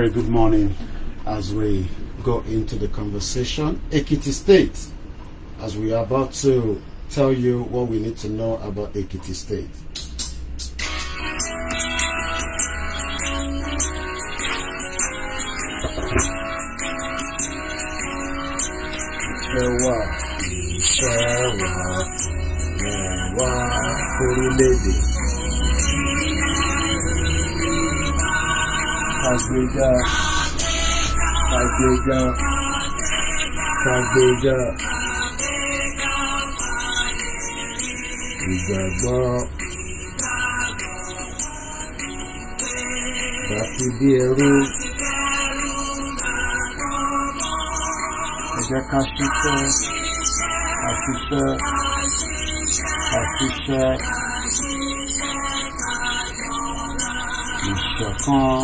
very good morning as we go into the conversation. Ekiti State, as we are about to tell you what we need to know about Ekiti State. it up. Like it up. Like it up. Ìgbàgbọ́. Láti bí ẹrú. Ẹ jẹ́ ká ṣiṣẹ́. Àṣiṣẹ́. Àṣiṣẹ́. Ìṣọ̀kan.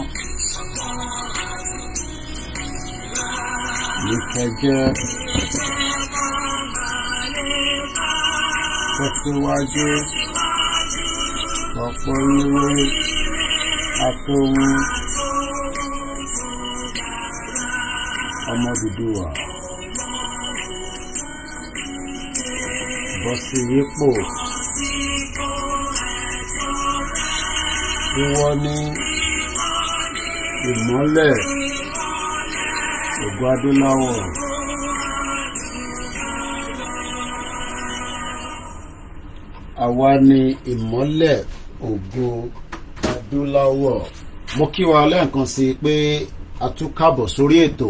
ìkẹjẹ tẹsíwájú ọ̀pọ̀ ìwé atọ́wú ọmọ dúdú wa bọ́sí yípo ìwọ ni ìmọ́lẹ̀ gbogbo adúláwọ̀ àwa ni ìmọ́lẹ̀ ògo adúláwọ̀ mo kí wa lẹ́ẹ̀kan sí pé a tún káàbọ̀ sórí ètò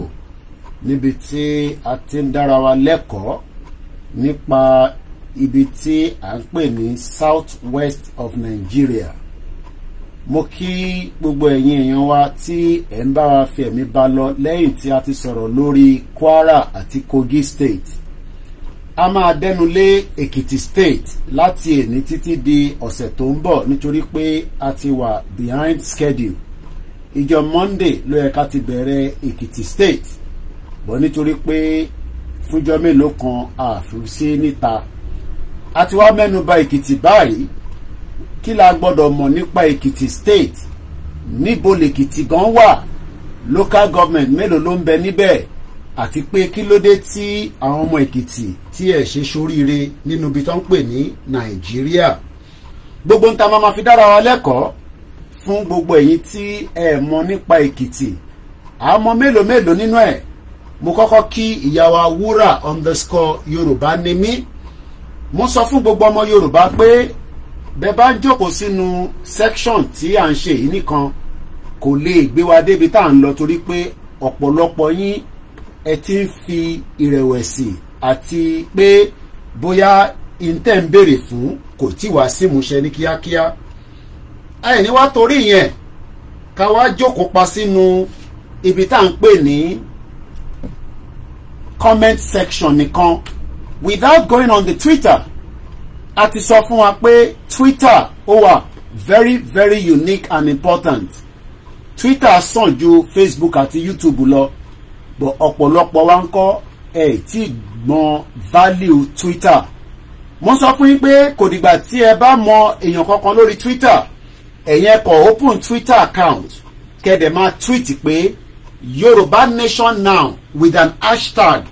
níbi tí a ti ń dára wa lẹ́kọ̀ọ́ nípa ibi tí à ń pè ní south west of Nigeria mo kí gbogbo ẹ̀yin èèyàn wa tí ẹ̀ ń bá wa fi ẹ̀mí ba lọ lẹ́yìn tí a ti sọ̀rọ̀ lórí Kwara àti Kogi state a máa dẹnulé Èkìtì state láti èní títí di ọ̀sẹ̀ tó ń bọ̀ nítorí pé a ti wà behind schedule ìjọ Monday ló yẹ ká ti bẹ̀rẹ̀ Èkìtì state bọ̀ nítorí pé fúnjọ́ mélòó kan àfi sí níta a ti wá mẹ́nu bà Èkìtì báyìí kí la gbọ́dọ̀ mọ̀ nípa Èkìtì state níbo lèkìtì gan wà local government mélòó ló ń bẹ níbẹ̀ àti pé kí ló dé tí àwọn ọmọ Èkìtì tí ẹ̀ ṣe ṣoríire nínú ibi tó ń pè ní Nàìjíríà gbogbo ń ta máa fi dára wa lẹ́kọ̀ọ́ fún gbogbo ẹ̀yin tí ẹ mọ̀ nípa Èkìtì àmọ́ mélòó mélòó nínú ẹ̀ mo kọ́kọ́ kí ìyá wa wúrà underscore Yorùbá ni mí mo sọ fún gbogbo ọmọ Yorùbá pé bẹ́ẹ̀ bá ń jókòó sínú section tí à ń ṣe yìí nìkan kò lè gbé wa débi tá à ń lọ torí pé ọ̀pọ̀lọpọ̀ yín ẹ ti ń fi ìrẹ̀wẹ̀sì àti pé bóyá intẹ́ ń béèrè fún kò tí wàá símúṣẹ ní kíákíá àìní wá torí yẹn ká wá jókòó pa sínú ibi tá à ń pè ní comment section nìkan without going on the Twitter a ti sọ fún wa pé Twitter ó wà very very unique and important Twitter sàn ju Facebook àti YouTube lọ but ọ̀pọ̀lọpọ̀ wa ń kọ́ ẹ̀ tí gbọ́n value Twitter mo sọ fún yín pé kò dìgbà tí ẹ bá mọ èèyàn kankan lórí Twitter ẹ̀yin ẹ open Twitter account kẹ́dẹ̀ máa tweet pé Yorùbá Nation now with an hashtag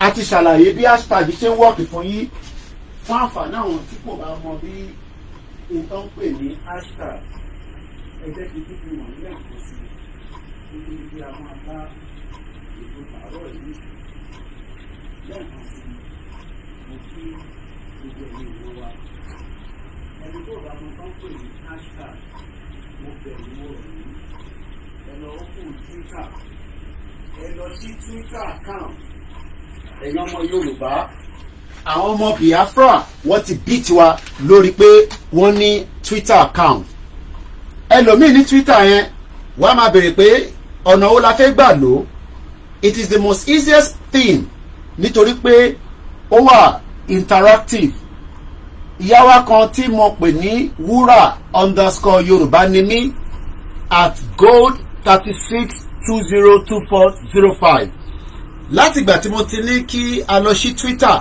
a ti ṣàlàyé bí hashtag ṣe ń wọ́ọ̀kì fún yín fún àǹfààní àwọn tí kò bá mọ bí nǹkan ń pè ní hashtag ẹgbẹ́ ti tún fi wọ̀n nílẹ̀ nǹkan sí i nítorí bí a máa bá ètò àárọ̀ yìí lẹ́ẹ̀kan sí i mo kí gbogbo ẹ̀yìn ìlú wa ẹni tó bá mọ nǹkan ń pè ní hashtag mo bẹ̀rù wọ̀ yìí ẹ lọ kù Twitter ẹ lọ sí Twitter account ẹ̀yin ọmọ Yorùbá àwọn ọmọ Biafra wọ́n ti bí tiwa lórí pé wọ́n ní Twitter account ẹlòmíì ní Twitter yẹn wọ́n á máa béèrè pé ọ̀nà wo la fẹ́ gbà lò it is the most easiest thing nítorí pé ó wà interactive ìyá wa kan tí mo pè ní wúrà underscore yorùbá ni mí at gold thirty six two zero two four zero five látìgbà tí mo ti ní kí a lọ sí Twitter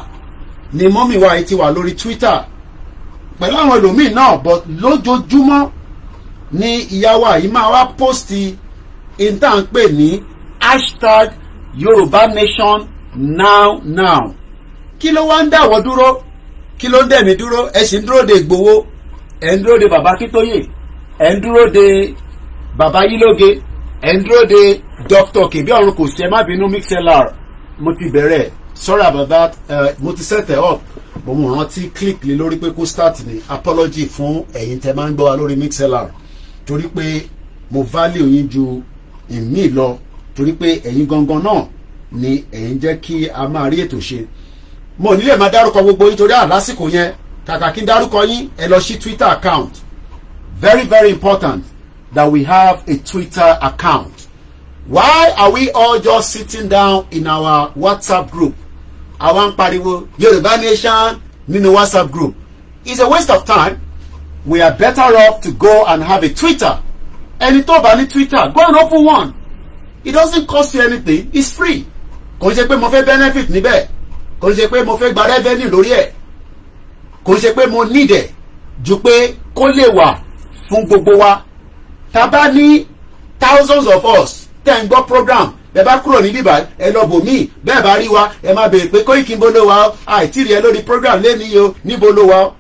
ni mọ́mì wa yìí ti wà lórí Twitter pẹ̀lú àwọn ẹlòmíì náà but lójoojúmọ́ ni ìyá wa yìí máa wá pósìtì ìta ń pè ní hashtag Yorùbá Nation now now kí ló wá ń dáwọ́ dúró kí ló ń dẹ̀mí dúró ẹ sì ń dúró de Ìgbòho ẹ ń dúró de Bàbá Akíntóyè ẹ ń dúró de Bàbá Yílóge ẹ ń dúró de Dr. Kèbí ọ̀run kò sí ẹ má bínú mixlr mo ti bẹ̀rẹ̀ sorry about that uh, mo ti set it up mo mú rántí click lé lórí pé kó start ni apology fún ẹ̀yin tẹ́ máa ń gbọ́ wa lórí mixlr torí pé mo value yín ju ìmí lọ torí pé ẹ̀yin gangan náà ni ẹ̀yin jẹ́ kí a máa rí ètò ṣe mo ní lè máa dárúkọ gbogbo yín torí àlásìkò yẹn kàkà kí n dárúkọ yín ẹ lọ sí twitter account very very important that we have a twitter account why are we all just sitting down in our whatsapp group àwa ń pariwo Yorùbá nation nínú WhatsApp group is a waste of time we are better off to go and have a Twitter ẹni tó bá ní Twitter go and open one it doesn't cost you anything it's free kò ń ṣe pé mo fẹ́ benefit níbẹ̀ kò ń ṣe pé mo fẹ́ gba revenue lórí ẹ̀ kò ń ṣe pé mo need ẹ̀ ju pé kó lè wà fún gbogbo wa tá a bá ní thousands of us tẹ̀ go program bẹ́ẹ̀ bá kúrò níbí bá ẹ lọ bò míì bẹ́ẹ̀ bá rí wa ẹ máa béèrè pé Koiki níbo ló Wa. ọ́ àìtí rí ẹ lórí program lẹ́ni yìí o níbo ló wà ọ́.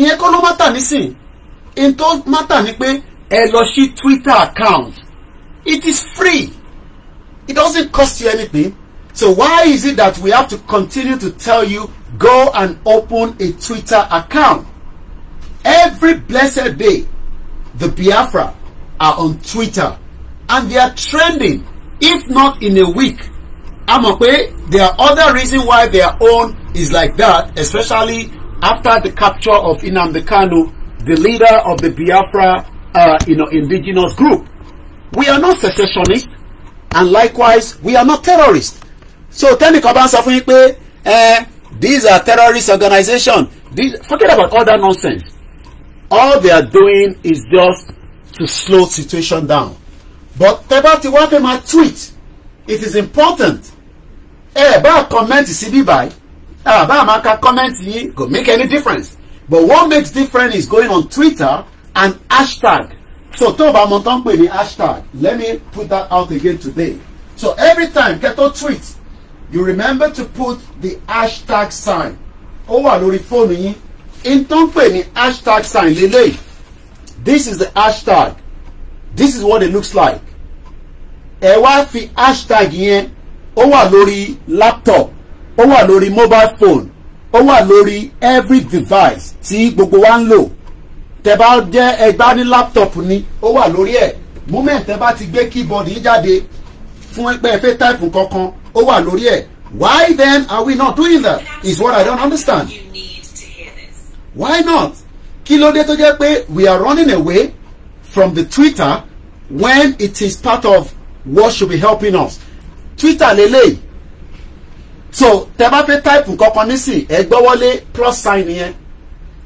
ìyẹn kọ́ ló mátà nísìn in tó mátà ni pé ẹ lọ sí Twitter account it is free it doesn't cost you anything so why is it that we have to continue to tell you go and open a Twitter account every blessed day the Biafra are on Twitter and they are trending if not in a week a mọ̀ there are other reasons why their own is like that especially after the capture of Nnamdi Kanu the leader of the Biafra uh, you know, indigenous group we are not secessionists and likewise we are not terrorists so tẹ́nìkan bá ń sọ fún yín pé eh, these are terrorist organizations these forget about all that nonsense all they are doing is just to slow situation down but tẹ́ bá ti wá fẹ́ máa tweet it is important ẹ bá comment sí bíbáyìí àbá máa ka comment yín go make any difference but what makes difference is going on Twitter and hashtag so tó o bá mọ tán pè ní hashtag let me put that out again today so every time kẹ́tọ́ tweet you remember to put the hashtag sign ó wà lórí fóònù yín in tó ń pè ní hashtag sign lélẹ́yìí this is the hashtag this is what it looks like ẹ wá fi hashtag yẹn ó wà lórí laptop ó wà lórí mobile phone ó wà lórí every device tí gbogbo wa ń lò tẹ bá jẹ ẹgbá ní laptop ni ó wà lórí ẹ moment tẹ bá ti gbé keyboard yìí jáde fún ẹgbẹ́ ẹfẹ́ type kankan ó wà lórí ẹ why then are we not doing that is what I don't understand why not kí ló dé tó jẹ́ pé we are running away from the Twitter when it is part of what should be helping us twitter lélẹ́yìí so tẹ bá fẹ́ type nǹkan kan nísìn ẹ gbọ́wọ́lé plus sign yẹn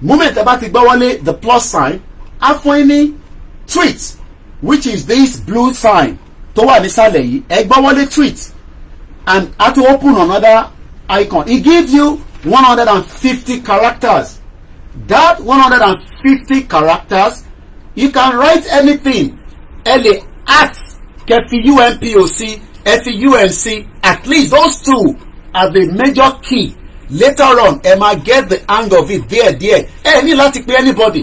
moment tẹ bá ti gbọ́wọ́lé the plus sign á fún yín ní tweet which is this blue sign tó wà nísàlẹ̀ yìí ẹ gbọ́wọ́lé tweet and á tún open another icon it gives you one hundred and fifty characters that one hundred and fifty characters you can write anything ẹ lè act kẹ́ fi UNPO sí ẹ fi UN sí at least those two are the major key later on ẹ máa get the hang of it díẹ̀díẹ̀ ẹ ní láti pe anybody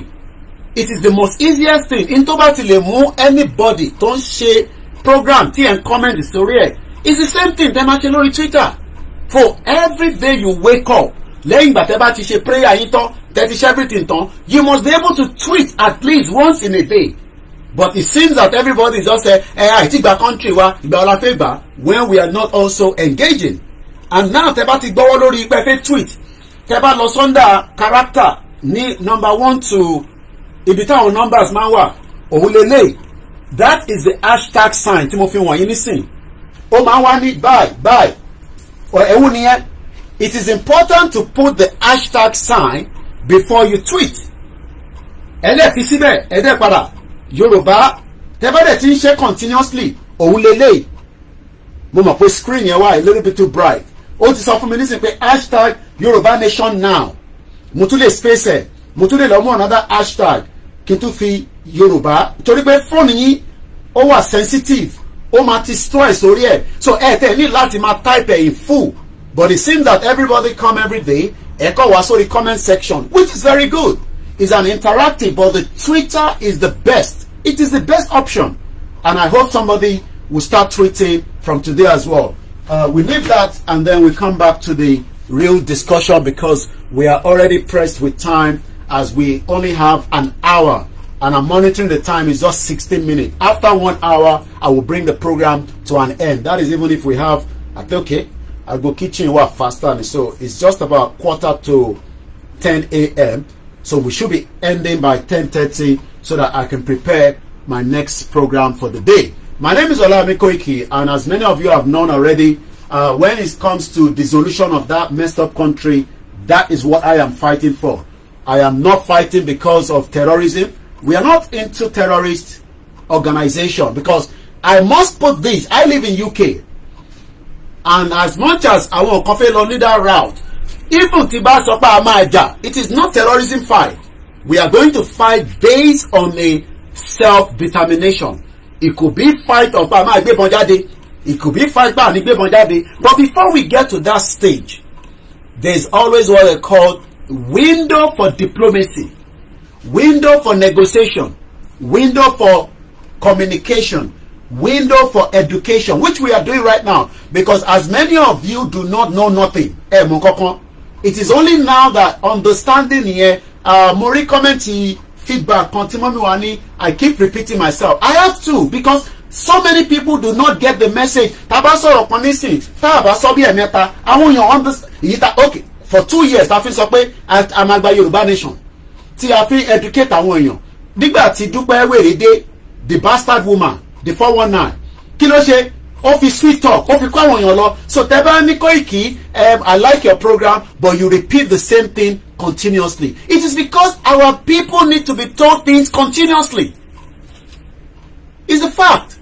it is the most easiest thing in tó bá ti lè mú anybody tó ń ṣe program tí ẹ̀ ń comment sórí ẹ̀ it's the same thing tẹ́ máa ṣe lórí Twitter for every day you wake up lẹ́yìn ìgbà tẹ́ bá ti ṣe prayer yín tán tẹ́ ti ṣe everything tán you must be able to tweet at least once in a day but it seems that everybody just say I eh, àìtí ah, gba country wa ìgbà ọ̀la fẹ́ gbà when we are not also engaging and now tẹ bá ti gbọ́wọ́ lórí pé fẹ́ tweet tẹ bá lọ sọ́ndà character ní number one to ibi táwọn numbers máa ń wà òun lélẹ̀ that is the hashtag sign tí mo fi wọ̀nyí nísìn ó máa wá ní bye bye ẹ̀wù nìyẹn it is important to put the hashtag sign before you tweet ẹ̀dẹ̀ fi síbẹ̀ ẹ̀dẹ̀ padà yorùbá tẹ́bẹ̀rẹ̀ ti ń ṣe continuously òun lélẹ̀ mo mọ̀ pé screen yẹn wà a little bit too bright ó ti sọ fún mi nísìnyí pé hashtag yorùbá nation now mo tún lè space ẹ̀ mo tún lè lọ mú another hashtag kí n tún fi yorùbá torí pé fóònù yín ó wà sensitive ó máa ti stress orí ẹ̀ so ẹ tẹ̀ ní láti máa type ẹ̀ in full but it seems that everybody come every day ẹ kọ́ wá sórí comment section which is very good is an interactive, but the Twitter is the best. It is the best option. And I hope somebody will start tweeting from today as well. Uh, we leave that and then we come back to the real discussion because we are already pressed with time as we only have an hour and I'm monitoring the time is just 16 minutes. After one hour, I will bring the program to an end. That is even if we have, I think, okay, I go kitchen work faster. So it's just about quarter to 10 a.m. So we should be ending by 10.30 so that I can prepare my next program for the day. My name is Olami Koiki, and as many of you have known already, uh, when it comes to dissolution of that messed up country, that is what I am fighting for. I am not fighting because of terrorism. We are not into terrorist organization because I must put this. I live in UK. And as much as I want coffee, lọ that route even tí bá sọ pé a máa jà it is not terrorism fight we are going to fight based on a self-determination it could be fight of pa máa gbébọn jáde it could be fight pa ní gbébọn jáde but before we get to that stage there is always what they call window for diplomacy window for negotiation window for communication window for education which we are doing right now because as many of you do not know nothing ẹ mọ̀ kankan it is only now that understanding here, uh, mo rí kọ́mẹ́ǹtì feedback kan tí mọ́mí wa ní i keep repeating myself i have to because so many people do not get the message tá a bá sọ̀rọ̀ kan nísìn tá a sọ bí ẹ̀mẹ́ta àwọn èèyàn understand ta okay for two years ta fi sọ pé àmàgbà yorùbá nation tí a fi educate àwọn èèyàn nígbà tí dúpẹ́ wèrè dé the bastard woman the four one nine kí ló ṣe ó fi sweet talk ó fi kọ́ àwọn èèyàn lọ so tẹ́ bá ní Koiki um, I like your program but you repeat the same thing continuously it is because our people need to be told things continuously Is a fact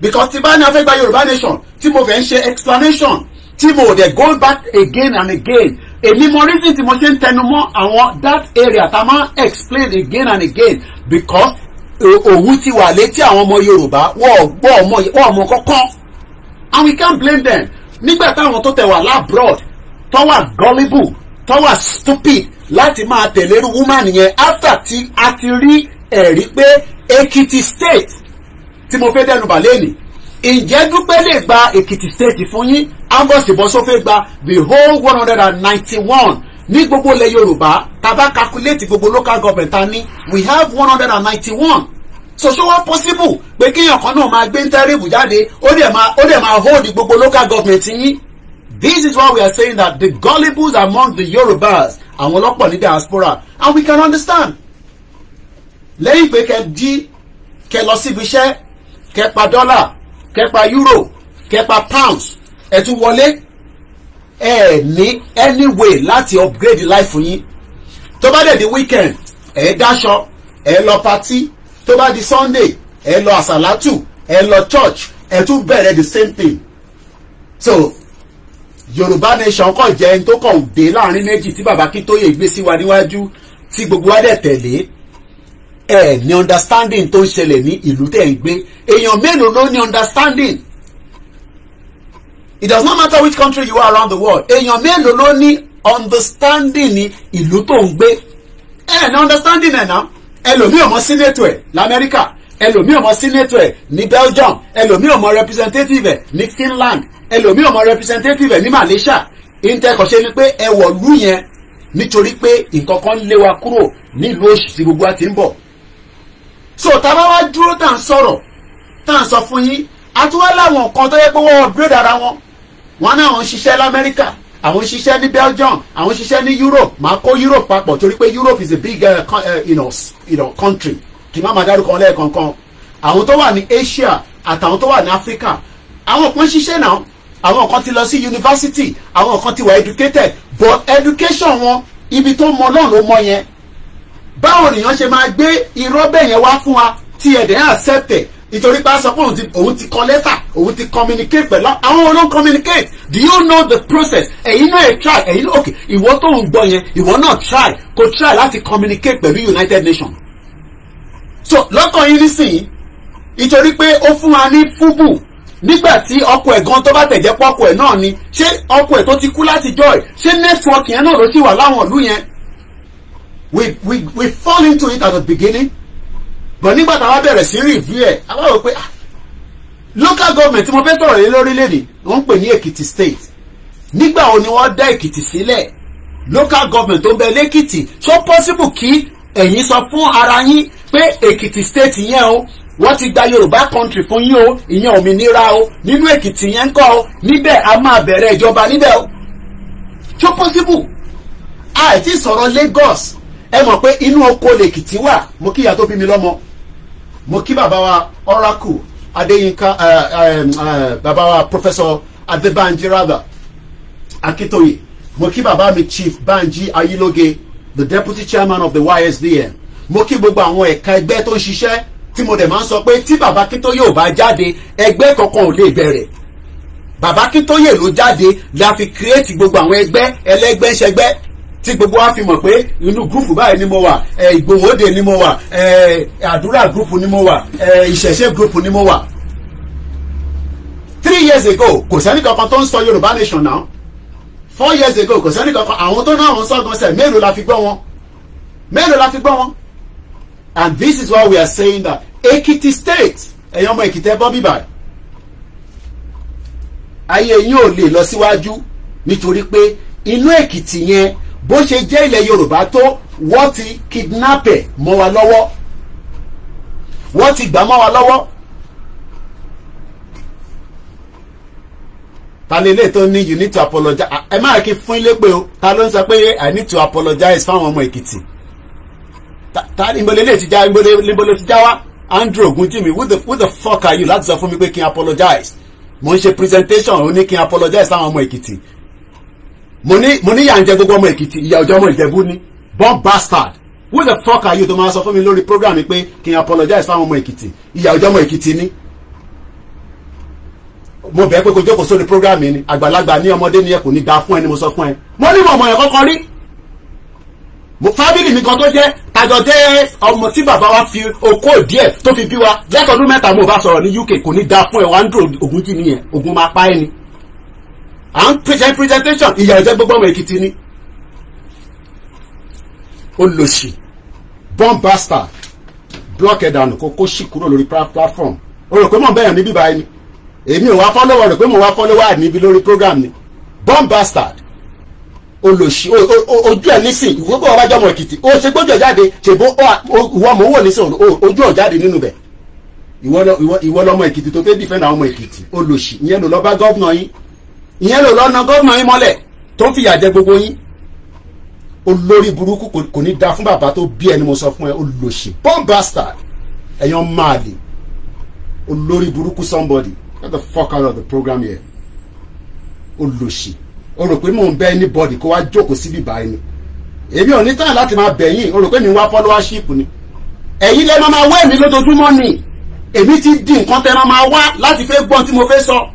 because tí bá ní afẹ́ Yorùbá nation tí mo fẹ́ ṣe explanation tí mo dey go back again and again èmi mo reason tí mo ṣe ń tẹnu mọ́ àwọn that area tá a máa explain again and again because òwú ti wà létí àwọn ọmọ Yorùbá wọ́n gbọ́ ọmọ kọ́kọ́ and we can't blame them nígbà táwọn tó tẹ̀ wá labroad tó wà gullible tó stupid láti máa tẹ̀lé irú woman yẹn after tí a ti rí ẹ̀rí pé Èkìtì state tí mo fẹ́ dẹnu bà lẹ́nìí ǹjẹ́ dúpẹ́ lè gba Èkìtì state fún yín Ambrose Bọ́sọ́fẹ́ gba the whole one hundred and ninety one ní gbogbo ilẹ̀ Yorùbá tá calculate gbogbo local government ta ní we have one hundred and ninety one so ṣó wá possible pé kéèyàn kan náà máa gbé ń tẹ́rìbù jáde ó dẹ̀ máa ó dẹ̀ máa hold gbogbo local government yín this is why we are saying that the gullibles among the Yorubas àwọn ọlọ́pọ̀ ní diaspora and we can understand lẹ́yìn pé kẹ́ jí kẹ́ lọ síbi iṣẹ́ kẹ́ pa dọ́là kẹ́ pa euro kẹ́ pa pounds ẹ̀ tún wọlé ẹ ní anyway láti upgrade life yín tó bá dẹ̀ di weekend ẹ dáṣọ ẹ lọ patí tó bá di sunday ẹ lọ àsàlátù ẹ lọ church ẹ tún bẹ̀rẹ̀ the same thing so yorùbá nation kàn jẹ́ ẹni tó kàn dé láàrin méjì tí bàbá Akíntóyè gbé sí wa níwájú tí gbogbo wa dẹ̀ tẹ̀lé ẹ ní understanding tó ń ṣẹlẹ̀ ní ìlú tẹ̀ ń gbé èèyàn mélòó ló ní understanding it does not matter which country you are around the world èèyàn mélòó ló ní understanding ní ìlú tó ń gbé ẹ ní understanding ẹ̀ náà ẹlòmíì ọmọ sínétò ẹ̀ lamẹ́ríkà ẹlòmíì ọmọ sínétò ẹ̀ ní belgium ẹlòmíì ọmọ representative ẹ̀ ní finland ẹlòmíì ọmọ representative ẹ̀ ní malaysia ìtẹ̀kọ̀ṣe ni pé ẹ wọ̀lú yẹn nítorí pé nǹkan kan lé wa kúrò nílùú òṣì tí gbogbo wa ti ń bọ̀ so tá a bá wá dúró tá à ń sọ̀rọ̀ tá à ń sọ fún yín àtúwá láwọn kan tó yẹ pé wọ́n upgrade ara wọn wọn náà ń ṣiṣẹ́ lamẹ́ríkà àwọn ń ṣiṣẹ́ ní Belgium àwọn ń ṣiṣẹ́ ní Europe máa kó Europe papọ̀ torí pé Europe is a big uh, uh you know, you know, country kì má máa dárúkọ lẹ́ẹ̀kọ̀ọ̀kan àwọn tó wà ní Asia àtàwọn tó wà ní Africa àwọn kan ṣiṣẹ́ náà àwọn kan ti lọ sí university àwọn kan ti wà educated but education wọn ibi tó mọ náà ló mọ yẹn báwo nìyẹn ṣe máa gbé irọ́ bẹ́ẹ̀ yẹn wá fún wa tí ẹ̀dẹ̀ accept ìtorí pé a sọ pé òun ti òun ti kọ lẹ́tà òun ti communicate pẹ̀lú àwọn olóhùn communicate do you know the process ẹ̀yin náà ẹ̀ try ẹ̀yin náà ok ìwọ tó ń gbọ́ yẹn ìwọ náà try kò try láti communicate pẹ̀lú United Nations so lọ́kàn yín nísìnyí ìtorí pé ó fún wa ní fúbù nígbà tí ọkọ ẹ̀ gan tó bá tẹ̀jẹ́ pọ̀ ọkọ ẹ̀ náà ni ṣé ọkọ ẹ̀ tó ti kú láti jọ́ ṣé network yẹn náà ló ti wà láwọn ìlú yẹn we we we fall into it at the beginning but nígbà táwa bẹ̀rẹ̀ sí rìvíw ẹ̀ àwa pé ah, local government tí mo fẹ́ sọ̀rọ̀ yẹn lórílẹ̀‐èdè wọ́n ń pè ní Èkìtì state nígbà wo ni wọ́n dá Èkìtì sílẹ̀ local government tó ń bẹ lẹ́kìtì so possible kí ẹ̀yin sọ fún ara yín pé Èkìtì state yẹn o wọ́n ti gba yorùbá country fún yín o ìyẹn òmìnira o nínú èkìtì yẹn ń kọ́ o níbẹ̀ a máa bẹ̀rẹ̀ ìjọba níbẹ̀ o tó possible àìtí sọ̀rọ̀ lagos ẹ mọ̀ pé inú oko lèkìtì wà mo kíyà tó bí mi lọ́mọ mo kí bàbá wa oracle adéyínká bàbá wa professor adébánjí rather akitoye mo kí bàbá mi chief banji ayiloge the deputy chairman of the ysdm mo kí gbogbo àwọn ẹ̀ka ẹgbẹ́ tó ń ṣiṣẹ́ tí mo dẹ̀ máa ń sọ pé tí bàbá akitoye ò bá jáde ẹgbẹ́ kankan ò lè bẹ̀rẹ̀ bàbá akitoye ló jáde la fi create gbogbo àwọn ẹgbẹ́ ẹlẹ́gbẹ́ ṣẹgbẹ́ tí gbogbo wa fi mọ̀ pé inú gúrùpù báyìí ni mo wà ìgbòhóde ni mo wà àdúrà gúrùpù ni mo wà ìṣẹ̀ṣe gúrùpù ni mo wà. three years ago kò sẹ́ni kankan tó ń sọ Yorùbá nation náà four years ago kò sẹ́ni kankan àwọn tó náà wọ́n sọ́gun sẹ̀ mélòó la fi gbọ́ wọn mélòó la fi gbọ́ wọn and this is why we are saying that Ekiti state ẹ̀yin ọmọ Èkìtì ẹ̀ bọ́ bíbà ayé yín ò lè lọ síwájú nítorí pé inú Èkìtì yẹn bó ṣe jẹ́ ilẹ̀ yorùbá tó wọ́n ti kidnap ẹ̀ mọ́ wa lọ́wọ́ wọ́n ti gbà mọ́ wa lọ́wọ́. ta ni ilé tó ní you need to apologize ẹ máa kí fún ilé pé o ta ló ń sọ pé i need to apologize fáwọn ọmọ èkìtì ta ni ìgbọ́lẹ̀ ti já ìgbọ́lẹ̀ ti já wá andrew ogunjimi who the who the fuck are you láti sọ fún mi pé kí n apologize mo ń ṣe presentation ó ní kí n apologize fáwọn ọmọ èkìtì mo ní mo ní ìyá ń jẹ gbogbo ọmọ èkìtì ìyá ọjọ́ ọmọ ìjẹ̀bú ni bob bastard who the fuck are you to máa sọ fún mi lórí program pé kí n apologize fáwọn ọmọ èkìtì ìyá ọjọ́ ọmọ èkìtì ni mo bẹ̀ pé kó jókòó sórí program ni àgbàlagbà ní ọmọdé ni ẹ kò ní da fún ẹ ni mo sọ fún ẹ mo ní mọ̀mọ́ yẹn kọ́kọ́ rí fábìlì mi kan tó jẹ́ tajọ jẹ́ ọmọ tí bàbá wa fi okó díẹ̀ tó fi bí wa lẹ́tọ̀ọ́dún mẹ́ta mo bá sọ̀rọ̀ ní UK kò ní da fún ẹ wá ń dúró ògùn jì nìyẹn ògùn máa pa ẹ ni à ń pèsè presentation ìyà ìjẹ gbogbo ọmọ èkìtì ni olòṣì bomb bastard block ẹ̀ dànù kó kó sì kúrò lórí platform o rò pé mò ń bẹ̀yàn níbí báyìí ni èmi ò wá fọ́lọ́wọ́ rò pé mò ń wá fọ́lọ́wọ́ níbi lórí program ni bomb bastard olòṣì ojú ẹ̀ nísìn ìwọ́gbọ̀n ọbàjọ́ ọmọ èkìtì o ṣe gbójú ẹ̀ jáde ṣèbó ìwọ mò ń wò nísìn ojú ọ̀ jáde nínú bẹ̀ ìwọ lọmọ èkìtì tó fẹ́ dìfẹ́ náà ọmọ èkìtì olòṣì ìyẹn ló lọ bá gọ́vnà yín ìyẹn lò lọ́nà gómìnà yín mọ́lẹ̀ tó ń fìyà jẹ gbogbo yín olórí burúkú kò ní da fún bàbá tó bí ẹni mo sọ fún ẹ olóṣì born ẹ̀yàn máàlì olórí burúkú somebody get the fuck out of the program here olóṣì o rò pé mò ń bẹ anybody kó wá jókòó síbi báyìí ni èmi ò ní tán láti máa bẹ̀yìn o rò pé mi ń wá followership ni ẹ̀yin lẹ́ẹ̀ máa wá èmi lójoojúmọ́ ni èmi ti di nǹkan tẹ́ máa wá láti fẹ́ gbọ́n tí mo fẹ́ sọ. So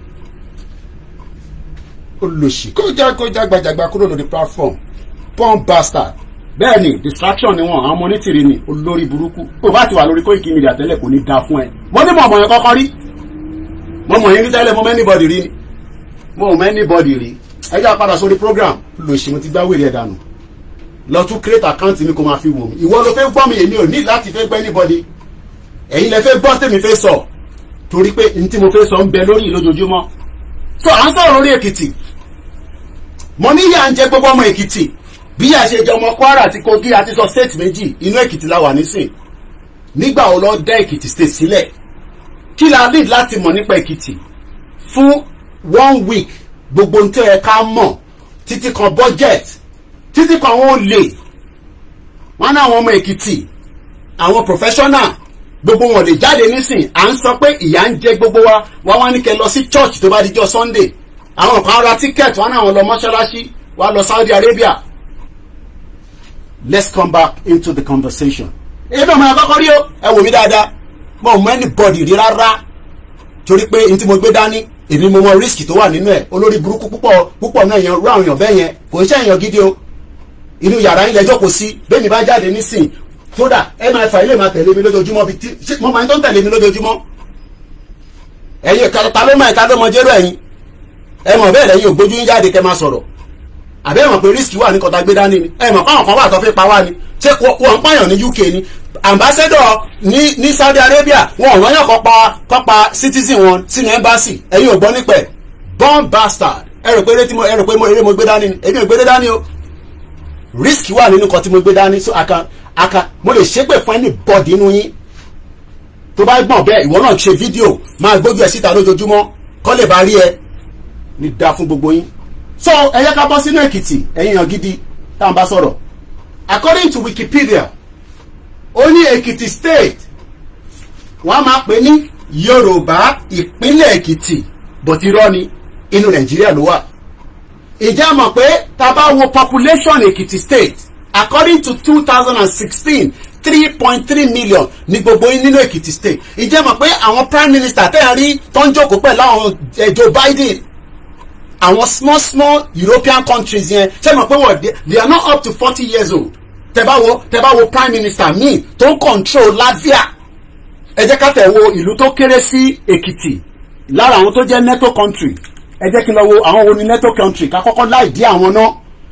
olùsì kójákójá gbajàgba kúrò lórí platform pọ́n bastard bẹ́ẹ̀ ni distraction ni wọ́n àwọn ọmọ onítìrì ni olórí burúkú kò bá ti wà lórí Koiki Media tẹ́lẹ̀ kò ní da fún ẹ mo ní mọ̀ ọmọ yẹn kọ́kọ́ rí mo mọ̀ yín rí tẹ́lẹ̀ mo mẹ́nìbọ̀dì rí ni mo mẹ́nìbọ̀dì rí ẹ já padà sórí program lòsì mo ti gbá wèrè ẹ̀ dànù lọ tún create account mi kó máa fi wò mí ìwọ ló fẹ́ gbọ́ mi èmi ò ní láti fẹ́ gbẹ́ anybody ẹ̀yin lẹ fẹ́ gbọ́ tèmi fẹ́ sọ torí pé n tí mo fẹ́ sọ ń bẹ lórí ìlójoojúmọ́ so à ń sọ̀rọ̀ lórí èkìtì mo ní yà ń jẹ gbogbo ọmọ èkìtì bí a ṣe jẹ ọmọ kwara àti kogi àti sọ state méjì inú èkìtì la wà nísìn nígbà wo lọ dá èkìtì state sílẹ̀ kí la need láti mọ̀ nípa èkìtì fún one week gbogbo ntẹ ẹ ká mọ̀ títí kan budget títí kan àwọn olè wọn náà àwọn ọmọ èkìtì àwọn professional gbogbo wọn lè jáde nísìn à ń sọ pé ìyà ń jẹ gbogbo wa wá wá ní kẹ lọ sí church tó bá dijọ́ sunday àwọn kan ra ticket wọn náà lọ mọ́ṣáláṣí wá lọ saudi arabia let's come back into the conversation. ebi ọmọ abakọ rí o ẹ wò mí dáadáa mo mọ anybody rí rárá torí pé n tí mo gbé dání èmi mo mọ risk tó wà nínú ẹ olórí burúkú púpọ̀ púpọ̀ náà yẹn rú àwọn èèyàn bẹ́ẹ̀ yẹn kò ń ṣe èèyàn gidi o inú yàrá yín lẹ́jọ́ kò sí bẹ́ẹ̀ mi bá jáde nísìn kódà ẹ máa fà ilé máa tẹ̀lé mi lójoojúmọ́ bíi tí mo máa ń tó ń tẹ̀lé mi lójoojúmọ́ ẹ̀yin kàtà ló máa ìta ló mọ jẹ́rọ ẹ̀yin ẹ mọ̀ bẹ́ẹ̀ lẹ́yìn ògbójú ń jáde kẹ́ máa sọ̀rọ̀ àbẹ́ mọ̀ pé rísíkì wà ní kọ́tà gbé dání ni ẹ mọ̀ pé àwọn kan wà tó fi pa wá ni ṣé wọ́n ń pààyàn ní UK ni ambassador ní ní Saudi Arabia wọn ò rányàn kọ́ pa kọ́ pa citizen wọn sínú embassy ẹ̀yin ò gbọ́ nípẹ̀ born bastard ẹ rò pé eré tí mo ẹ rò pé eré mo gbé dání ni èmi ò gbé dání o risk wà nínú kan tí mo gbé dání so I can aka mo lè ṣépè fún ẹni bọ́ọ̀dì inú yín tó bá gbọ̀n bẹ́ẹ̀ ìwọ náà ṣe fídíò máa gbójú ẹ síta lójoojúmọ́ kọ́ lè bá rí ẹ ní da fún gbogbo yín. so ẹ yẹ ká bọ́ sínú èkìtì ẹ̀yin hàn gidi táwọn bá sọ̀rọ̀ according to Wikipedia ó ní èkìtì state wọ́n á máa pè ní yorùbá ìpínlẹ̀ èkìtì but irọ́ ni inú nàìjíríà ló wà. ìjà mọ̀ pé tá a bá wo population èkìtì state according to two thousand and sixteen three point three million ní gbogbo nínú Èkìtì state ǹjẹ́ mọ̀ pé àwọn prime minister tẹ́ ẹ rí tó ń jókòó pẹ̀lú àwọn eh, Joe Biden àwọn small small European countries yẹn ṣé mọ̀ pé wọ́n they are not up to forty years old tẹ́bá wo tẹ́bá wo prime minister míì tó ń control Latvia ẹ jẹ́ ká tẹ̀ wo ìlú tó kéré sí Èkìtì lára àwọn tó jẹ́ NATO country ẹ jẹ́ kí n lọ wo àwọn wo ni NATO country ká kọ́kọ́ láì dí àwọn náà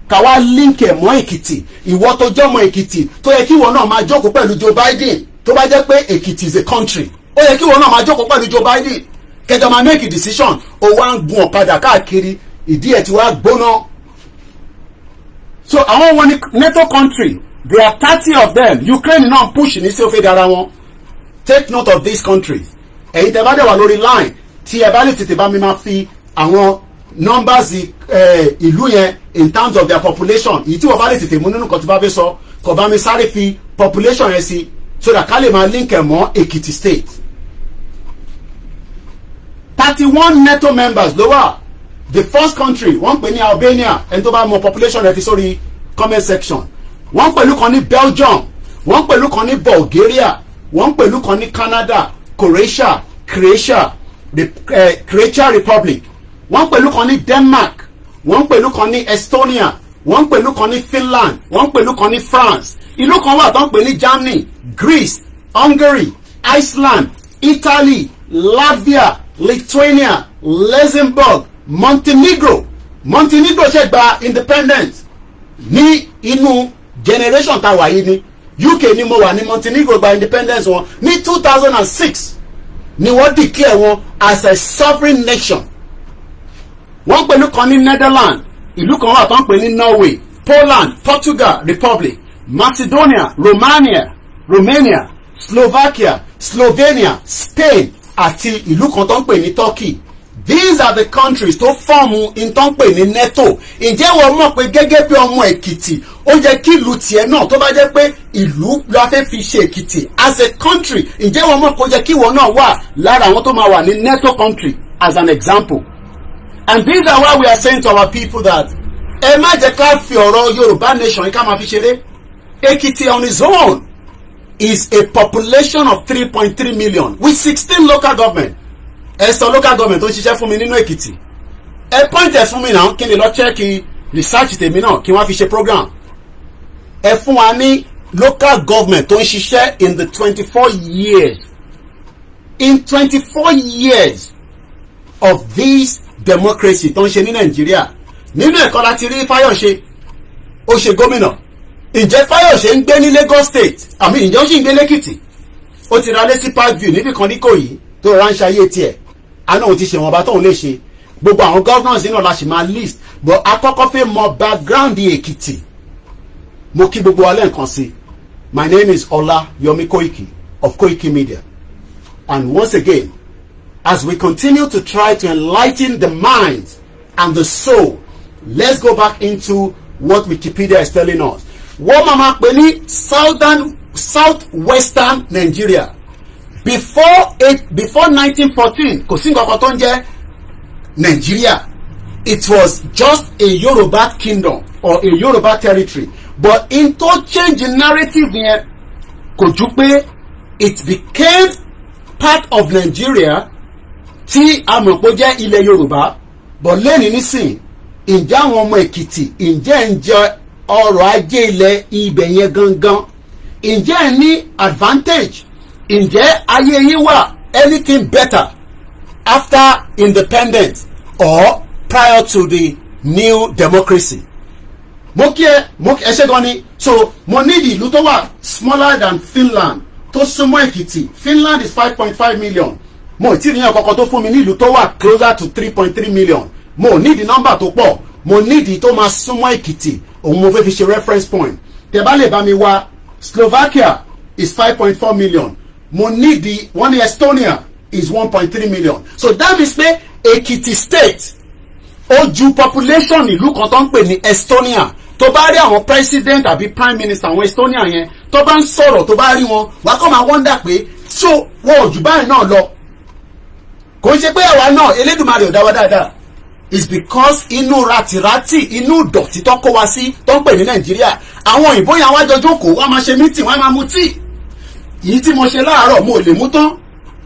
ká wá líǹkì ẹ̀ mọ́ èkìtì ìwọ tó jẹ́ ọmọ èkìtì tó yẹ kí ìwọ náà máa jókòó pẹ̀lú Joe Biden tó bá jẹ́ pé èkìtì is a country ó yẹ kí ìwọ náà máa jókòó pẹ̀lú Joe Biden kẹjọ máa make a decision ó wá ń gun ọ̀kadà káàkiri ìdí ẹ̀ tí wàá gbóná. so àwọn wọn ni NATO country there are thirty of them Ukraine náà push ní sí òfin dára wọn take note of these countries ẹ̀yin tẹ́ bá dẹ̀ wà lórí line tí ẹ bá lè tètè bá mi máa fi àwọn numbers eh, ìlú yẹn in terms of their population èyí tí wọ́n bá lè tètè mú nínú kan tó bá fẹ́ sọ kò bá mi sáré fi population yẹn sí so that ká lè máa link ẹ̀ mọ́ Èkìtì state thirty one NATO members ló wà the first country wọ́n pè ní Albania ẹni tó bá mọ population rẹ̀ fi sórí comment section wọ́n pẹ̀lú kan ní Belgium wọ́n pẹ̀lú kan ní Bulgaria wọ́n pẹ̀lú kan ní Canada Croatia Croatia the eh, Croatia Republic wọ́n ń pẹ̀lú kan ní Denmark wọ́n ń pẹ̀lú kan ní Estonia wọ́n ń pẹ̀lú kan ní Finland wọ́n ń pẹ̀lú kan ní France ìlú kan wà tó ń pè ní Germany Greece Hungary Iceland Italy Latvia Lithuania Luxembourg Montenegro Montenegro ṣe gba independence ní inú generation tá a ni UK ni mo wà ní Montenegro gba independence wọn ní two thousand and six ni wọ́n declare wọn as a sovereign nation wọ́n ń pè kan ní Netherlands ìlú kan wà tó ń pè ní Norway Poland Portugal Republic Macedonia Romania Romania Slovakia Slovenia Spain àti ìlú kan tó ń pè ní Turkey these are the countries tó fọ́ọ̀mù ìtọ́npè ní NATO ǹjẹ́ wọ́n mọ̀ pé gẹ́gẹ́ bí ọmọ Èkìtì ó yẹ kí ìlú tiẹ̀ náà tó bá jẹ́ pé ìlú la fẹ́ fi ṣe Èkìtì as a country ǹjẹ́ wọ́n mọ̀ pé ó yẹ kí ìwọ náà wà lára àwọn tó máa wà ní NATO country as an example and these are why we are saying to our people that ẹ má jẹ́ ká fi ọ̀rọ̀ Yorùbá nation yìí ká máa fi ṣeré Ekiti on its own is a population of three point three million with sixteen local government ẹ̀sán local government tó ń ṣiṣẹ́ fún mi nínú Èkìtì ẹ point ẹ̀ fún mi náà kí ni lọ́ọ́ chẹ́ẹ̀kì research tèmi náà kí wọ́n fi ṣe program ẹ fún wa ní local government tó ń ṣiṣẹ́ in the twenty four years in twenty four years of these democracy tó ń ṣe ní nàìjíríà nínú ẹ̀kọ́ láti rí fáyọ̀ṣe ó ṣe gómìnà ǹjẹ́ fáyọ̀ṣe ń gbé ní lagos state àmì ǹjẹ́ ó sì ń gbé lẹ́kìtì ó ti ra lé sí park view níbì kan ní kòyí tó rọra ń ṣayé tiẹ̀ àná òun ti ṣe ìwọ̀nba tóun lè ṣe gbogbo àwọn governors nínú la ṣì máa list but akọ́kọ́ fẹ́ mọ background èkìtì mo kí gbogbo wa lẹ́ǹkan sí my name is Ọlá Yomi Koiki of Koiki Media and once again as we continue to try to enlighten the mind and the soul let's go back into what Wikipedia is telling us wọ́n máa ma pè southern southwestern Nigeria before eight before nineteen fourteen kò sí nǹkan kan tó ń jẹ́ Nigeria it was just a Yoruba kingdom or a Yoruba territory but in to change the narrative yẹn kò ju pé it became part of Nigeria tí a mọ̀ pé ó jẹ́ ilẹ̀ yorùbá bọ̀ lẹ́ni nísìn ǹjẹ́ àwọn ọmọ èkìtì ǹjẹ́ ń jẹ ọrọ̀ ajé ilẹ̀ ibẹ̀ yẹn gangan ǹjẹ́ ẹ ní advantage ǹjẹ́ ayé yín wà anything better after independence or prior to the new democracy mo kí ẹ mo ẹ ṣe gan ni so mo ní ìlú tó wà smaller than Finland tó súnmọ́ èkìtì Finland is five point five million mo ti ríyàn kankan tó fún mi ní ìlú tó wà closer to three point three million mo nídìí nọ́mbà tó pọ̀ mo nídìí tó máa súnmọ́ èkìtì òun mo fẹ́ fi ṣe reference point tẹ́ bá lè bá mi wá Slovakia is five point four million mo nídìí wọ́n ní Estonia is one point three million so that means pé Èkìtì state ó ju population ìlú kan tó ń pè ní Estonia tó bá rí àwọn president àbí prime minister àwọn Estonia yẹn tó bá ń sọ̀rọ̀ tó bá rí wọn wàá kọ́ máa wonder pé so wọ́n ò jù báyìí náà lọ kò ṣe pé àwa náà Elédùmarè ò dá wa dáadáa is because inú ratirati inú ìdọ̀tí tó kó wa sí tó ń pè ní Nàìjíríà àwọn òyìnbó yẹn wá jọ jókòó wá máa ṣe mítì wá máa mu tíì yìí tí mo ṣe láàárọ̀ mo lè mú tán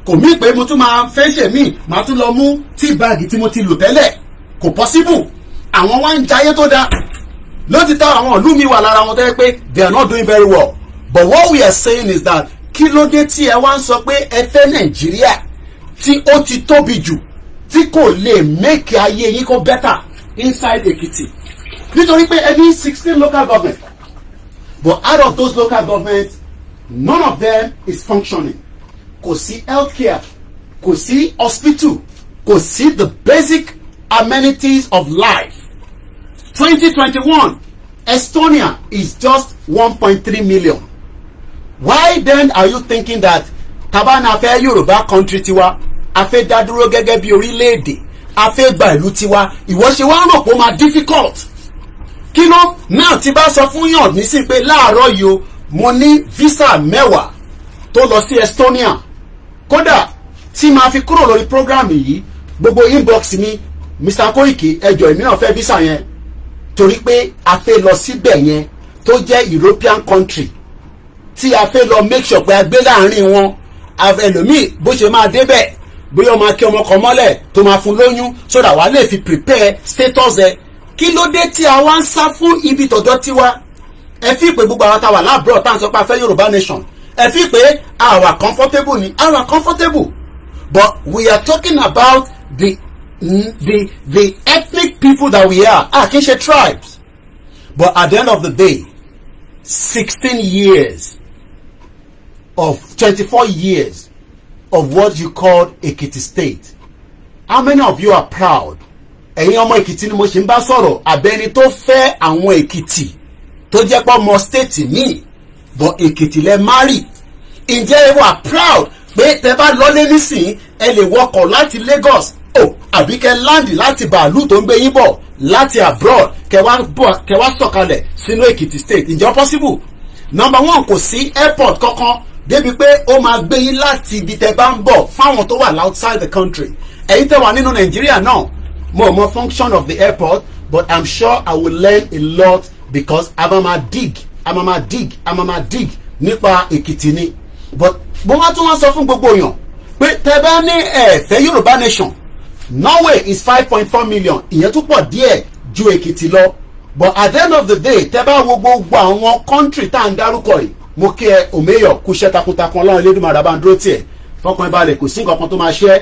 kò mí pé mo tún máa fẹ́ ṣe mí màá tún lọ mú tíì báàgì tí mo ti lò tẹ́lẹ̀ kò pọ́síbù àwọn wá ń jayé tó dáa ló ti tọ́ àwọn ìlú mi wà lára wọn tẹ́lẹ̀ pé they are not doing very well but what we are saying is that kí ló dé tí ẹ wá ń sọ pé ẹ fẹ́ Nàìjíríà tí ó ti tóbi jù tí kò lè make ayé yín kó better inside Èkìtì nítorí pé ẹ ní sixteen local government but out of those local government none of them is functioning kò sí healthcare kò sí hospital kò sí the basic amenities of life twenty twenty one Estonia is just one point three million why then are you thinking that tabana fẹ́ Yorùbá country tiwa a fẹ́ dá dúró gẹ́gẹ́ bí orílẹ̀-èdè a fẹ́ gba ìlú tiwa ìwọ ṣe wá rò pé ó máa difficult Kino ló náà ti bá sọ fún yàn ní sí pé láàárọ̀ yìí o mo ní visa mẹ́wàá tó lọ sí Estonia kódà tí ma fi kúrò lórí program yìí gbogbo inbox mi Mr Koiki ẹjọ èmi náà fẹ́ visa yẹn torí pé a fẹ́ lọ síbẹ̀ yẹn tó jẹ́ European country tí a fẹ́ lọ make sure pé a gbé láàrin wọn àfẹlòmíì bó ṣe máa débẹ̀ bóyá ọmọ akẹ́ ọmọ kan mọ́lẹ̀ tó máa fún lóyún so that wàá lè fi prepare status ẹ kí ló dé tí a wá ń sá fún ibi tọ̀dọ̀ tiwa ẹ fi pé gbogbo àwọn táwa láàbúrò tá à ń sọ pé a fẹ́ Yorùbá nation ẹ fi pé àwa comfortable ni àwa comfortable but we are talking about the the the ethnic people that we are ah kì í ṣe tribes but at the end of the day sixteen years of twenty-four years of what you call Ekiti state how many of you are proud ẹ̀yin ọmọ Èkìtì ni mo ṣe ń bá sọ̀rọ̀ àbẹ́ni tó fẹ́ àwọn Èkìtì tó jẹ́ pé ọmọ state míì but Èkìtì lẹ marry ǹjẹ́ ẹ wà proud pé tẹ bá lọlé nísìnyí ẹ lè wọkọ̀ láti Lagos o oh, àbí kẹ láǹdì láti bàálù tó ń gbé yín bọ̀ láti abroad kẹ wá bọ̀ kẹ wá sọ̀kalẹ̀ sínú Èkìtì state ǹjẹ́ possible number one kò sí airport kankan débi pé ó máa gbé yín láti ibi tẹ́ bá ń bọ̀ fáwọn tó wà outside the country ẹ̀yin tẹ́ wà nínú nàìjíríà náà mo mọ function of the airport but i'm sure i will learn a lot because amama dig amama dig amama dig nípa èkìtì ni but mo wá tún wá sọ fún gbogbo èèyàn pé tẹ́ bá ní ẹ̀fẹ́ yorùbá nation norway is five point four million ìyẹn tún pọ̀ díẹ̀ ju èkìtì lọ but at the end of the day tẹ́ bá wo gbogbo àwọn country tá à ń dárúkọ yìí mo kí ẹ òmeyọ̀ kú iṣẹ́ takuntakun ọlọ́run elédùnmọ̀ àràbà ń dúró tiẹ̀ fọkàn ìbalẹ̀ kò sí nǹkan kan tó máa ṣẹ́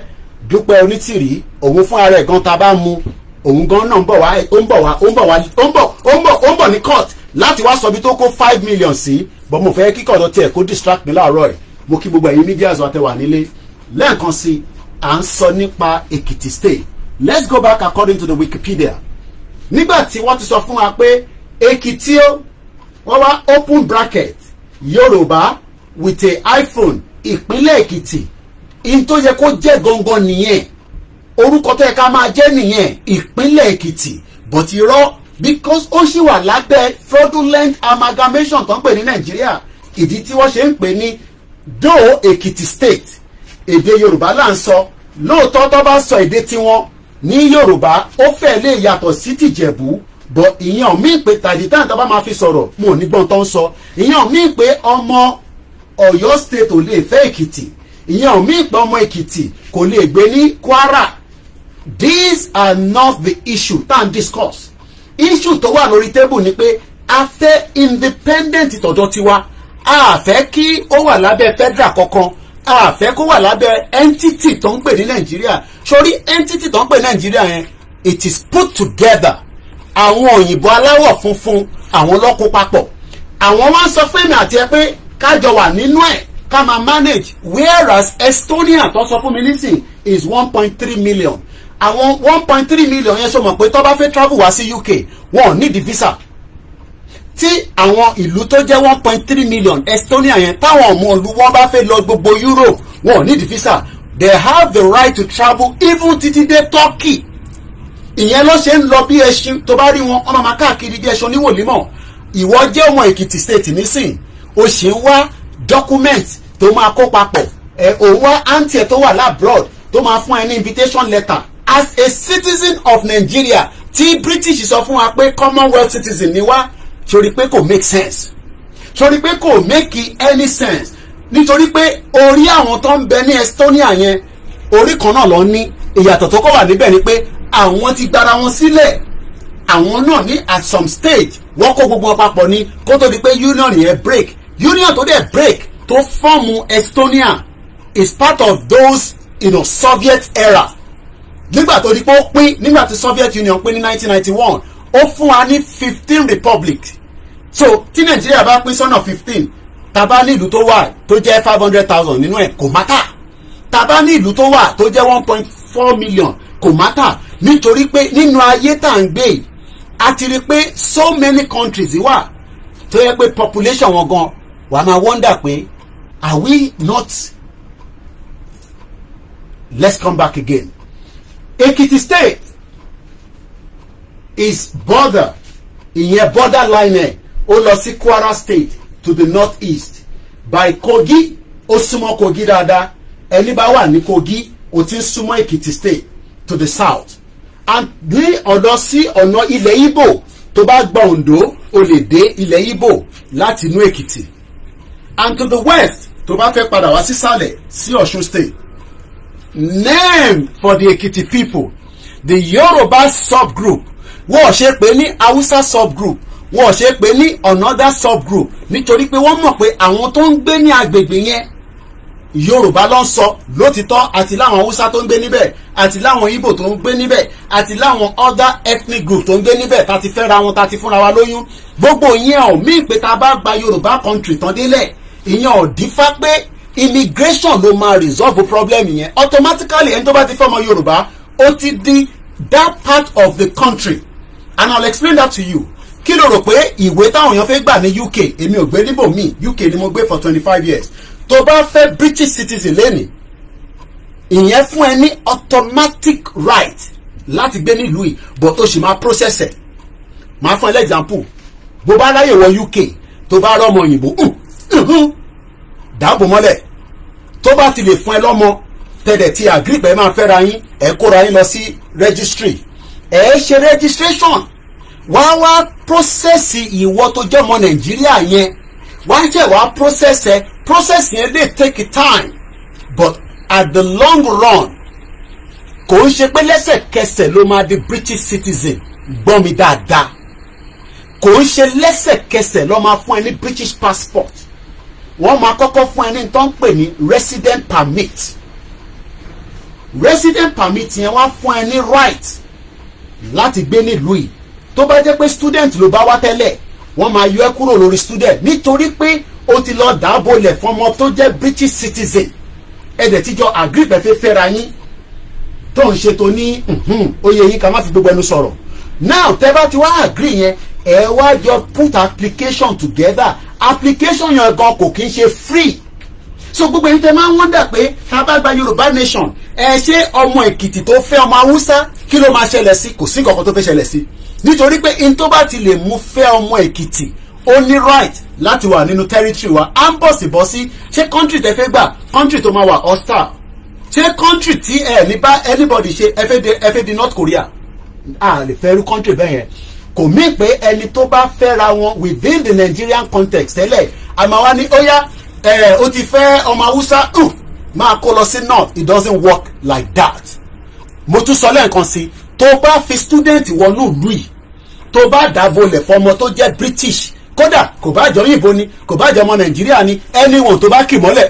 dúpẹ́ onítìrí òun fún ara ẹ̀ gan ta bá mu òun gan náà ń bọ̀ wá ó ń bọ̀ wá ó ń bọ̀ wá ó ń bọ̀ ó ń bọ̀ ó ń bọ̀ ní court láti wá sọ bí tó kó five million sí but mo fẹ́ kíkọ̀ ọ̀dọ̀ tiẹ̀ kó distract mi láàárọ̀ ẹ̀ mo kí gbogbo ẹ̀yin medias wa tẹ nílé lẹ́ẹ̀kan sí à ń sọ nípa Èkìtì state let's go back according to the Wikipedia nígbà tí wọ́n ti sọ fún wa pé Èkìtì ó wọ́n wá open bracket yorùbá with a iphone ìpínlẹ̀ èkìtì in tó yẹ kó jẹ́ gangan nìyẹn orúkọ tó yẹ ká máa jẹ́ nìyẹn ìpínlẹ̀ èkìtì but irọ́ because ó sì wà lábẹ́ fraudulent amalgamation tó ń pè ní nàìjíríà ìdí tí wọ́n ṣe ń pè ní do èkìtì state èdè yorùbá là ń sọ lóòótọ́ tó bá sọ èdè tiwọn ní yorùbá ó fẹ́ lè yàtọ̀ sí tìjẹ̀bú but ìyẹn ò mí pé tàbí táwọn tó bá máa fi sọ̀rọ̀ mo ò ní gbọ́n tó ń sọ ìyẹn ò mí pé ọmọ Ọ̀yọ́ state ò lè fẹ́ Èkìtì ìyẹn ò mí pé ọmọ Èkìtì kò lè gbé ní Kwara these are not the issue tá à ń discuss issue tó wà lórí table ni pé a fẹ́ independent tọ̀dọ̀ tiwa a fẹ́ kí ó wà lábẹ́ federal kankan a fẹ́ kó wà lábẹ́ entity tó ń pè ní Nàìjíríà sórí entity tó ń pè ní Nàìjíríà yẹn it is put together àwọn òyìnbó aláwọ̀ funfun àwọn ló kó papọ̀ àwọn wá ń sọ fún èmi àti ẹ pé kájọ wà nínú ẹ̀ ká máa manage whereas Estonia tó sọ fún mi nísìn is one point three million àwọn one point three million yẹn ṣe mọ̀ pé tó bá fẹ́ travel wá sí UK wọn ò need visa tí àwọn ìlú tó jẹ́ one point three million Estonia yẹn táwọn ọmọ ìlú wọn bá fẹ́ lọ gbogbo Europe wọn ò need visa they have the right to travel even títí dé Turkey ìyẹn ló ṣe ń lọ bí ẹṣin tó bá rí wọn ọmọ máa káàkiri bí ẹṣin oníwòlímọ̀ ìwọ jẹ́ ọmọ Èkìtì state nísìn o ṣì ń wá document tó máa kó papọ̀ ẹ ò wá àǹtí ẹ tó wà labroad tó máa fún ẹ ní invitation letter as a citizen of Nigeria tí British sọ fún wa pé Commonwealth citizen ni wá sori pé kò make sense sori pé kò make any sense nítorí pé orí àwọn tó ń bẹ ní Estonia yẹn orí kan náà ló ní ìyàtọ̀ tó kọ́ wà níbẹ̀ ni pé àwọn ti gbara wọn sílẹ̀ àwọn náà ní at some stage wọ́n kó gbogbo papọ̀ ni kó tó di pé union yẹn break union tó dẹ̀ break tó fọ́ọ̀mù Estonia is part of those you know, Soviet era nígbà tó di pé ó pín nígbà tí Soviet Union pín ní 1991 ó fún wa ní fifteen republic so tí Nàìjíríà bá pín sọ́nà fifteen tàbá ní ìlú tó wà tó jẹ́ five hundred thousand nínú ẹ̀ kò mátà tàbá ní ìlú tó wà tó jẹ́ one point four million kò mátà nítorí pé nínú ayé tá à ń gbé a ti rí pé so many countries wà tó yẹ pé population wọn gan wàá máa wonder pé are we not let's come back again Ekiti State is border ìyẹn borderline ẹ̀ ó lọ sí Kwara State to the north east by Kogi ó súnmọ́ Kogi dáadáa ẹni bá wà ní Kogi ó ti ń súnmọ́ Ekiti State to the south ní ọ̀nà sí ọ̀nà ilẹ̀ Ìgbò tó bá gba Oǹdó o lè dé ilẹ̀ Ìgbò láti inú Èkìtì and to the west tó bá fẹ́ padà wá sísàlẹ̀ sí Ọ̀ṣun state name for the Ekiti people the Yoruba subgroup wọ́n ṣe pé ní Hausa subgroup wọ́n ṣe pé ní another subgroup nítorí pé wọ́n mọ̀ pé àwọn tó ń gbé ní agbègbè yẹn yorùbá ló ń sọ lótìtọ́ àti láwọn haúsá tó ń gbé níbẹ̀ àti láwọn ìgbò tó ń gbé níbẹ̀ àti láwọn other ethnic group tó ń gbé níbẹ̀ tá ti fẹ́ra wọn tá ti fúnra wa lóyún gbogbo ìyẹn ò mí pé tá a bá gba yorùbá country tán délẹ̀ ìyẹn ò dífá pé immigration ló máa resolve problem yẹn automatically ẹni tó bá ti fẹ́ ọmọ yorùbá ó ti di that part of the country and i'll explain that to you kí ló rò pé ìwé táwọn èèyàn fẹ́ gbà ní uk èmi ò gbé níbò míì uk ni mo gbé for twenty five years tó bá fẹ́ british citizen lẹ́nìí ìyẹn fún ẹ ní automatic right láti gbé nílùú yìí but o sì máa process ẹ̀ máa fún ẹ lẹ́jàmpù bó bá ráyè wọ uk tó bá rọmọ òyìnbò dáàbò mọ́lẹ̀ tó bá ti lè fún ẹ lọ́mọ tẹ̀dẹ̀ tí agree pé máa fẹ́ra yín ẹ kóra yín lọ sí registry ẹ ṣe registration wá wá process ìwọ tó jẹ́ ọmọ nàìjíríà yẹn wọ́n á jẹ́ wàá process ẹ process yẹn dey take time but at the long run kò ń ṣe pé lẹ́sẹ̀kẹsẹ̀ ló máa di British citizen gbọ́ mi dáadáa kò ń ṣe lẹ́sẹ̀kẹsẹ̀ ló máa fún ẹ ní British passport wọ́n máa kọ́kọ́ fún ẹ ní tó ń pè ní resident permit resident permit yẹn wá fún ẹ ní right láti gbé nílùú yìí tó bá jẹ́ pé student ló bá wá tẹ́lẹ̀ wọ́n máa yọ ẹ́ kúrò lórí student nítorí pé o ti lọ dáàbòlẹ̀ fọmọ tó jẹ́ british citizen ẹ̀dẹ̀ tíjọ àgírípẹ̀ fẹ́ fẹ́ra yín tó ń ṣètò ní oyè yín ká má fi gbogbo ẹnu sọ̀rọ̀ now tẹ́ bá ti wá àgírí yẹn ẹ wá jọ put application together application yẹn gan kò kí ń ṣe free so gbogbo ẹni tẹ́ máa ń wọ́ndà pé tá bá gba yorùbá nation ẹ ṣé ọmọ èkìtì tó fẹ́ ọmọ haúsá kí ló máa ṣẹlẹ̀ sí kò sí nǹkan kan tó fẹ́ ṣẹlẹ̀ sí nítorí pé in tó bá ti lè mú fẹ́ ọmọ èkìtì ó ní right láti wà nínú territory wa à ń bọ̀sibọ́sí ṣé country tẹ fẹ́ gbà country tó máa wà hostile ṣé country tí ẹ ní bá anybody ṣe ẹ fẹ́ di ẹ fẹ́ di North Korea a lè fẹ́ rú country bẹ́ẹ̀ yẹn kò mí pé ẹni tó bá fẹ́ra wọn within the Nigerian context tẹ́lẹ̀ àmọ́ wa ní ó yá ẹ ó ti fẹ́ ọmọ Haúsá uh, máa kó lọ sí north it doesn't work like that mo tún sọ lẹ́ẹ̀kan sí tó bá fi student wọnú ìlú yìí tó bá dàvolẹ̀ fọmọ tó jẹ́ British kódà kò bá jọ yìnbó ni kò bá jọ ọmọ Nàìjíríà ni anyone tó bá kì mọ́lẹ̀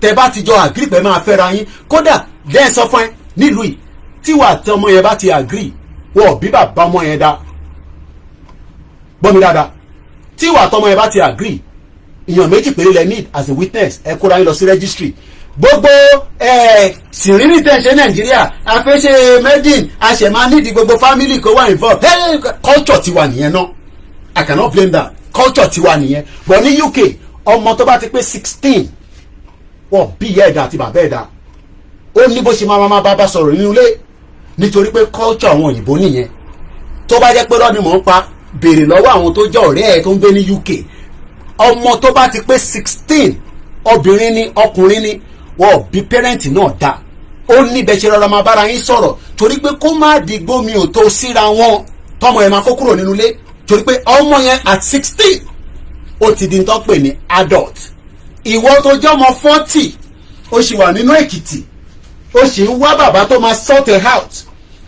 tẹ bá ti jọ agree pé máa fẹ́ra yín kódà dẹ́n sọ fún ẹ nílùú yìí tíwà àti ọmọ yẹn bá ti agree wọ́n bí bàbá ọmọ yẹn dá gbọ́ mi dáadáa tíwà àtọmọ yẹn bá ti agree èèyàn méjì péré lẹ need as a witness ẹ kóra yín lọ sí registry gbogbo eh, sìnrìnrìn tẹ̀ ṣe nàìjíríà àfẹsẹ̀ medin àṣẹmá nídìí gbogbo family kó wà involve hey, culture tiwa nìyẹn náà i cannot blame that culture tiwa nìyẹn but ní uk ọmọ tó bá ti pé sixteen wọ́n bí ìyá ẹ̀dá àti bàbá ẹ̀dá ó ní bó ṣe máa máa bá bá sọ̀rọ̀ nínú ilé nítorí pé culture àwọn òyìnbó nìyẹn tó bá jẹ́ pé lọ́ni mò ń pa béèrè lọ́wọ́ àwọn tó jẹ́ ọ̀rẹ́ ẹ̀ tó ń gbé ní uk ọmọ tó bá ti pé sixteen obìnrin ni ọkùnrin ni wọn ò bí pẹ́rẹ́ǹtì náà dá ó ní bẹ́ẹ̀ ṣe rọra máa bára yín sọ̀rọ̀ torí pé kó má dìgbò mi ò tó síra wọn tọmọ yẹn máa kó kúrò nínú ilé torí pé ọmọ yẹn at sixteen ó ti di tó pè ní adult ìwọ tó jẹ́ ọmọ forty ó sì wà nínú èkìtì ó sì ń wá bàbá tó máa sort it out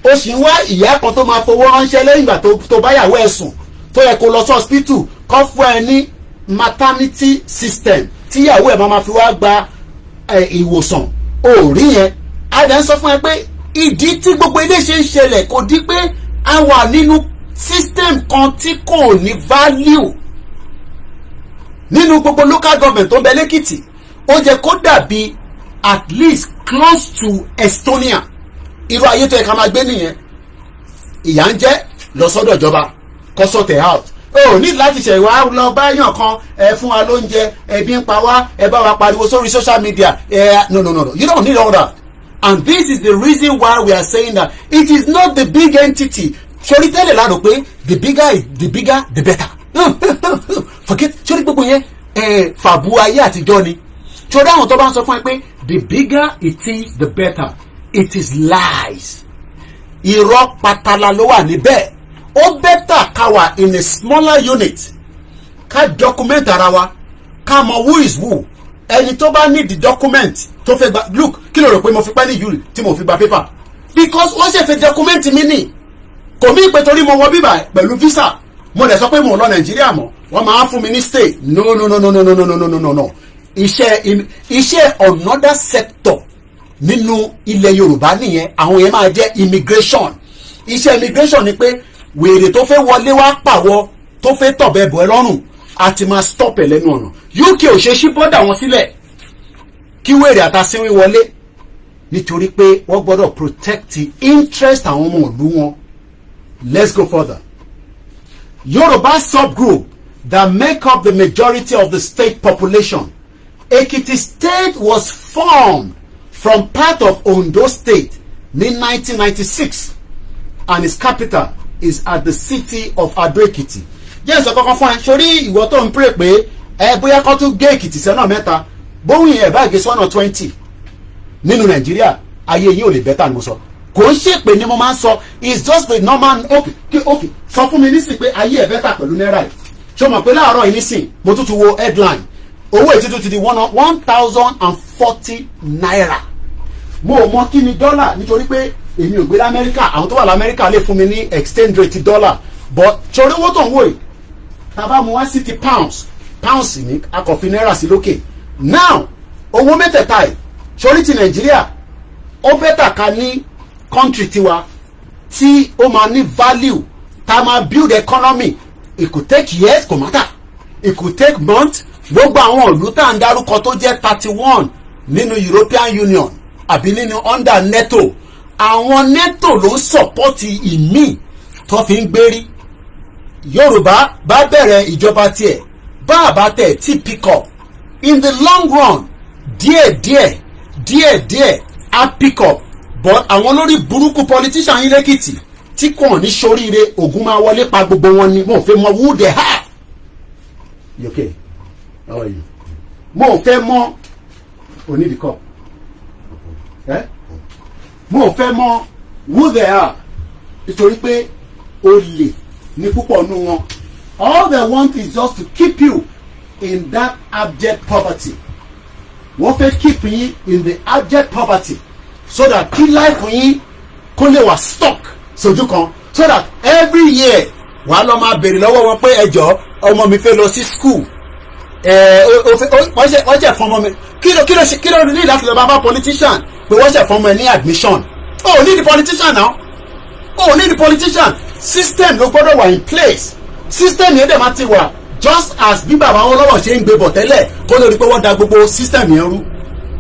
ó sì ń wá ìyá kan tó máa fowó ránṣẹ́ lẹ́yìn ìgbà tó bá yàwó ẹ̀ sùn tó yẹ kó lọ sí hospital kọ́ fún ẹ ní maternity system tíyàwó ẹ̀ máa ma fi wá gba ìwòsàn ò rí yẹn adà ń sọ fún ẹ pé ìdí tí gbogbo ilé ṣe ń ṣẹlẹ̀ kò di pé a wà nínú system kan tí kò ní value nínú gbogbo local government tó bẹ lẹ́kìtì ó jẹ́ kó dàbí at least close to Estonia irú ayé tó yẹ ká máa gbé nìyẹn ìyà ń jẹ lọ sọ́dọ̀ ìjọba kó sort out o ní láti ṣe ìwà lọ báyàn kan ẹ fún wa lóúnjẹ ẹbí ń pa wá ẹ bá wa pariwo sórí social media ẹ no no no you don't need all that and this is the reason why we are saying that it is not the big entity sori tẹ́lẹ̀ la rò pé the bigger the bigger the better forget sori gbogbo yẹn fàbù ayé àtijọ́ ni sori àwọn tó bá ń sọ fún ẹ pé the bigger it is the better it is lies irọ́ patala ló wà níbẹ̀ ó bẹ́tà ká wà in a smaller unit ká document ara wa ká mọ who is who ẹni tó bá need the document tó fẹ́ gba look kí ló rò pé mo fi pẹ́ ní yuri tí mo fi gba paper because ó ṣe fi document mi nì kò mí pé torí mo wọ bíbà pẹ̀lú visa mo lè sọ pé mo lọ nàìjíríà mọ́ wọ́n máa fún mi ní stay no no no no no no no no no no no iṣẹ́ iṣẹ́ another sector nínú ilẹ̀ yorùbá nìyẹn àwọn yẹn máa jẹ́ immigration iṣẹ́ immigration ni pé wèrè tó fẹ́ wọlé wá pàwọ́ tó fẹ́ tọ̀bẹ̀ bọ̀ ẹ́ lọ́rùn àti máa stop ẹ̀ lẹ́nu ọ̀nà UK ò ṣe ṣí bọ́dà wọn sílẹ̀ kí wèrè àtàsínwín wọlé nítorí pé wọ́n gbọ́dọ̀ protect the interest àwọn ọmọ ìlú wọn let's go further Yorùbá subgroup that make up the majority of the state population Ekiti state was formed from part of Ondo state ní 1996 and its capital is at the city of Ado Ekiti jẹ́ ìsọ kankan fún ẹ sórí ìwọ tó ń pray pé ẹ bóyá kó tún gé Èkìtì sẹ́nà mẹ́ta bóun yẹn bá gé sọ́nà twenty nínú Nàìjíríà ayé yín ò lè bẹ́tà ni mo sọ kò ń ṣèpè ni mo máa ń sọ it's just the normal okay okay sọ fún mi nísìn pé ayé ẹ̀ bẹ́tà pẹ̀lú náírà yìí ṣé o mọ̀ pé láàárọ̀ yìí nísìn mo tún ti wo headline owó ètùtù ti di one thousand and forty naira mo mọ kí ni dọ́là nítorí pé èmi ò gbé lamẹ́ríkà àwọn tó wà lamẹ́ríkà lè fún mi ní exchange rate dollar but torí owó tó ń wò yìí tàbá mu wá sí ti pounds pounds ní akọ̀fin náírà sí lókè now owó mẹ́tẹ̀ẹ̀ta yìí sórí ti nàìjíríà ó bẹ́tà ká ní country tiwa tí ó máa ní value tá a máa build economy it could take years kò mátà it could take months gbogbo àwọn ìlú tá à ń dárúkọ tó jẹ́ thirty one nínú European Union àbí nínú under NATO àwọn neto ló ń sọ̀pọ́tì ìmí tó fi ń gbérí yorùbá bá bẹ̀rẹ̀ ìjọba tiẹ̀ bá àbátẹ̀ tí pick up in the long run díẹ̀díẹ̀ díẹ̀díẹ̀ á pick up but àwọn lórí burúkú politician yín lẹ́kìtì tí kò ní soríire ogun máa wọlé pa gbogbo wọn ni mo fẹ́ mọ who they are you okay how are you mo fẹ́ mọ onídìkọ́ ẹ́. Eh? mo fẹ́ mọ who they are nítorí pé olè ní púpọ̀ nù wọn all they want is just to keep you in that abject poverty wọ́n fẹ́ keep yín in the abject poverty so that kí life yín kó lè wà stuck sójú kan so that every year wàá lọ máa béèrè lọ́wọ́ wọn pé ẹjọ́ ọmọ mi fẹ́ lọ sí school ẹ̀ ọ́ ọ́ wọ́n ṣe fún ọmọ mi kí ló kí ló kí ló ní láti lọ bá bá politician pé wọ́n ṣẹ̀ fọ́n mọ́ ẹ ní admission o ò ní di politician náà o ò ní di politician system ló gbọ́dọ̀ wà in place system yẹn dẹ̀ máa ti wà just as bí bàbá wọn lọ́wọ́ ṣe ń gbé bọ̀ tẹ́lẹ̀ kó lórí pé wọ́n da gbogbo system yẹn rú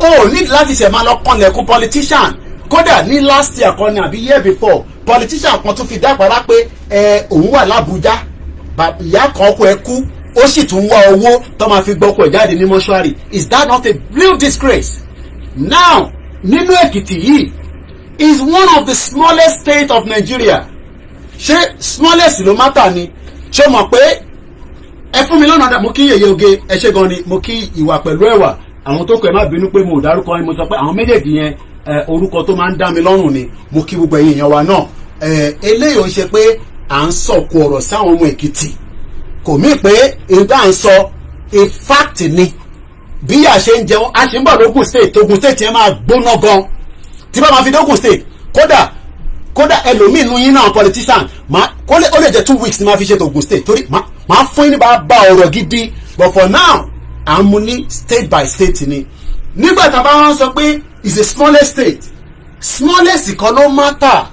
o ò ní láti ṣẹ̀ máa lọ kanlẹ̀kùn politician kódà ní last year kan ni àbí year before politician kan tún fi dápara pé ẹ òun wà lábújá ìyá kan ọkọ ẹ kú ó sì tún wá owó tó máa fi gbọ́kọ̀ jáde ní mọ́ṣúárì is that not a real disgrace now nínú Èkìtì yìí is one of the smallest state of Nigeria ṣé smallest ló má tà ni ṣé mọ̀ pé ẹ fún mi lọ́nà dà mo kí yèyé oge ẹ ṣe gan ni mo kí ìwà pẹ̀lú ẹ̀wà àwọn tó kọ ẹ má bínú pé mo ò dárúkọ ẹ mo sọ pé àwọn méjèèjì yẹn orúkọ tó máa ń dá mi lọ́rùn ni mo kí gbogbo ẹ̀yin èèyàn náà eléyìí ò ṣe pé à ń sọ̀kò ọ̀rọ̀ sáwọn ọmọ Èkìtì kò mí pé ìdá ń sọ ìfáàtì ni bí a ṣe ń jẹun a ṣe ń bọ̀ lógùn state Ògùn state yẹn máa gbóná gan tí bá máa fi dógùn state kódà kódà ẹlòmíì nu yín náà politician máa kó lè ó lè jẹ two weeks ni máa fi ṣètò Ògùn state torí máa fún yín nípa bá ọ̀rọ̀ gidi but for now à ń state by state ni nígbà tá a bá wọn sọ pé is a smallest state smallest kan ló matter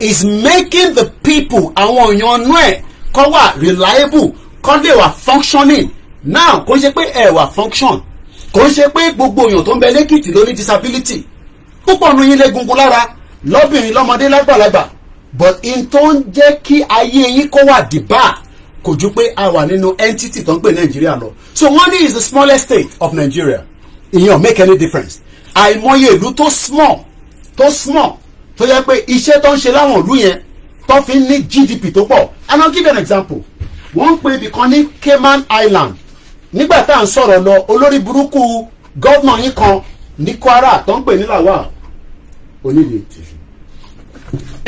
is making the people àwọn èèyàn ọ̀nà ẹ̀ kọ́ wà reliable kọ́ lè wà functioning now kò ṣe pé ẹ̀ wà function kò ń ṣe pé gbogbo èèyàn tó ń bẹ lẹ́kìtì ló ní disability púpọ̀ nu yín légungun lára lọ́bìnrin lọ́mọdé lágbàlagbà but in tó ń jẹ́ kí ayé yín kó wà dìbà kò ju pé a wà nínú entity tó ń pè nàìjíríà lọ so money is the smallest state of nigeria ìyẹn make any difference àìmọye ìlú tó small tó small tó yẹ pé iṣẹ́ tó ń ṣe láwọn ìlú yẹn tó fi ní gdp tó pọ̀ and i'll give you an example wọ́n ń pè ibì kan ní cayman island nígbà tá à ń sọ̀rọ̀ lọ olórí burúkú gọ́vnà yín kan ní Kwara tó ń pè ní làwà onídìí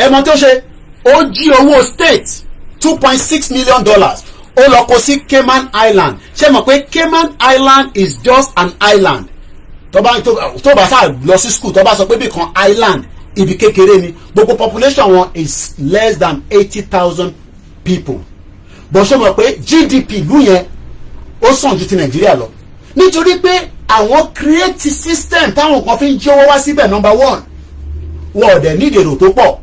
ẹ mọ̀ tó ṣe ó jí owó state two point six million dollars ó lọ kó sí Cayman Island ṣé mọ̀ pé Cayman Island is just an island tó bá tó bá sá lọ sí school tó bá sọ pé bí kan island ibi kékeré ni gbogbo population wọn is less than eighty thousand people bó ṣe mọ̀ pé GDP ìlú yẹn ó sàn ju ti nàìjíríà lọ nítorí pé àwọn create system táwọn kan fi ń jí owó wá síbẹ̀ number one wọn ò dẹ̀ nídìí èrò tó pọ̀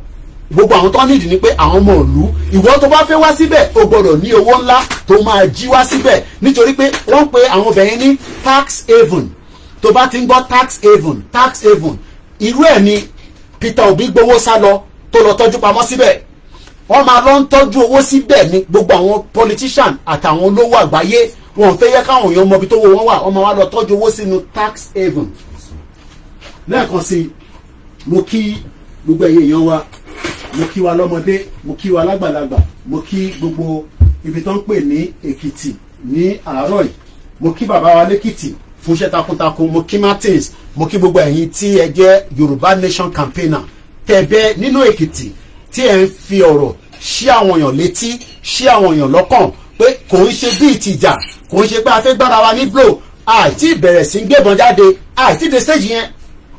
gbogbo àwọn tó nídìí ni pé àwọn ọmọ ìlú ìwọ tó bá fẹ́ wá síbẹ̀ o gbọ́dọ̀ ní owó ńlá tó máa jí wá síbẹ̀ nítorí pé wọ́n pe àwọn obìnrin ní tax haven tó bá ti ń gbọ́ tax haven tax haven irú ẹ̀ ni Peter Obi gbowó sá lọ tó lọ tọ́jú pamọ́ síbẹ̀ wọ́n máa lọ ń tọ́jú owó síbẹ̀ ni gbogbo àwọn politician àtàwọn olówó àgbáyé wọn ò fẹ́ yẹ káwọn èèyàn mọbi tó wo wọn wà ọmọ wa lọ tọ́jú owó sínú tax haven lẹ́ẹ̀kan sí mo kí gbogbo ẹ̀yin èèyàn wa mo kí wa lọ́mọdé mo kí wa lágbàlagbà mo kí gbogbo ibi tó ń pè ní Èkìtì ní àárọ̀ yìí mo kí bàbá wa lẹ́kìtì fún iṣẹ́ takuntakun mo kí Martins mo kí gbogbo ẹ̀yin tí ẹ jẹ́ Yorùbá nation campaigner tẹ̀bẹ́ nínú Èkìtì tí ẹ ń fi ọ̀rọ̀ sí àwọn èèyàn létí sí àwọn èèyàn lọ́kàn pé kò ń ṣe bí ìtìjà kò ń ṣe pé a fẹ́ gbára wa ní blow àti ìbẹ̀rẹ̀ sí gbẹ̀bọ̀n jáde àti ìdè stage yẹn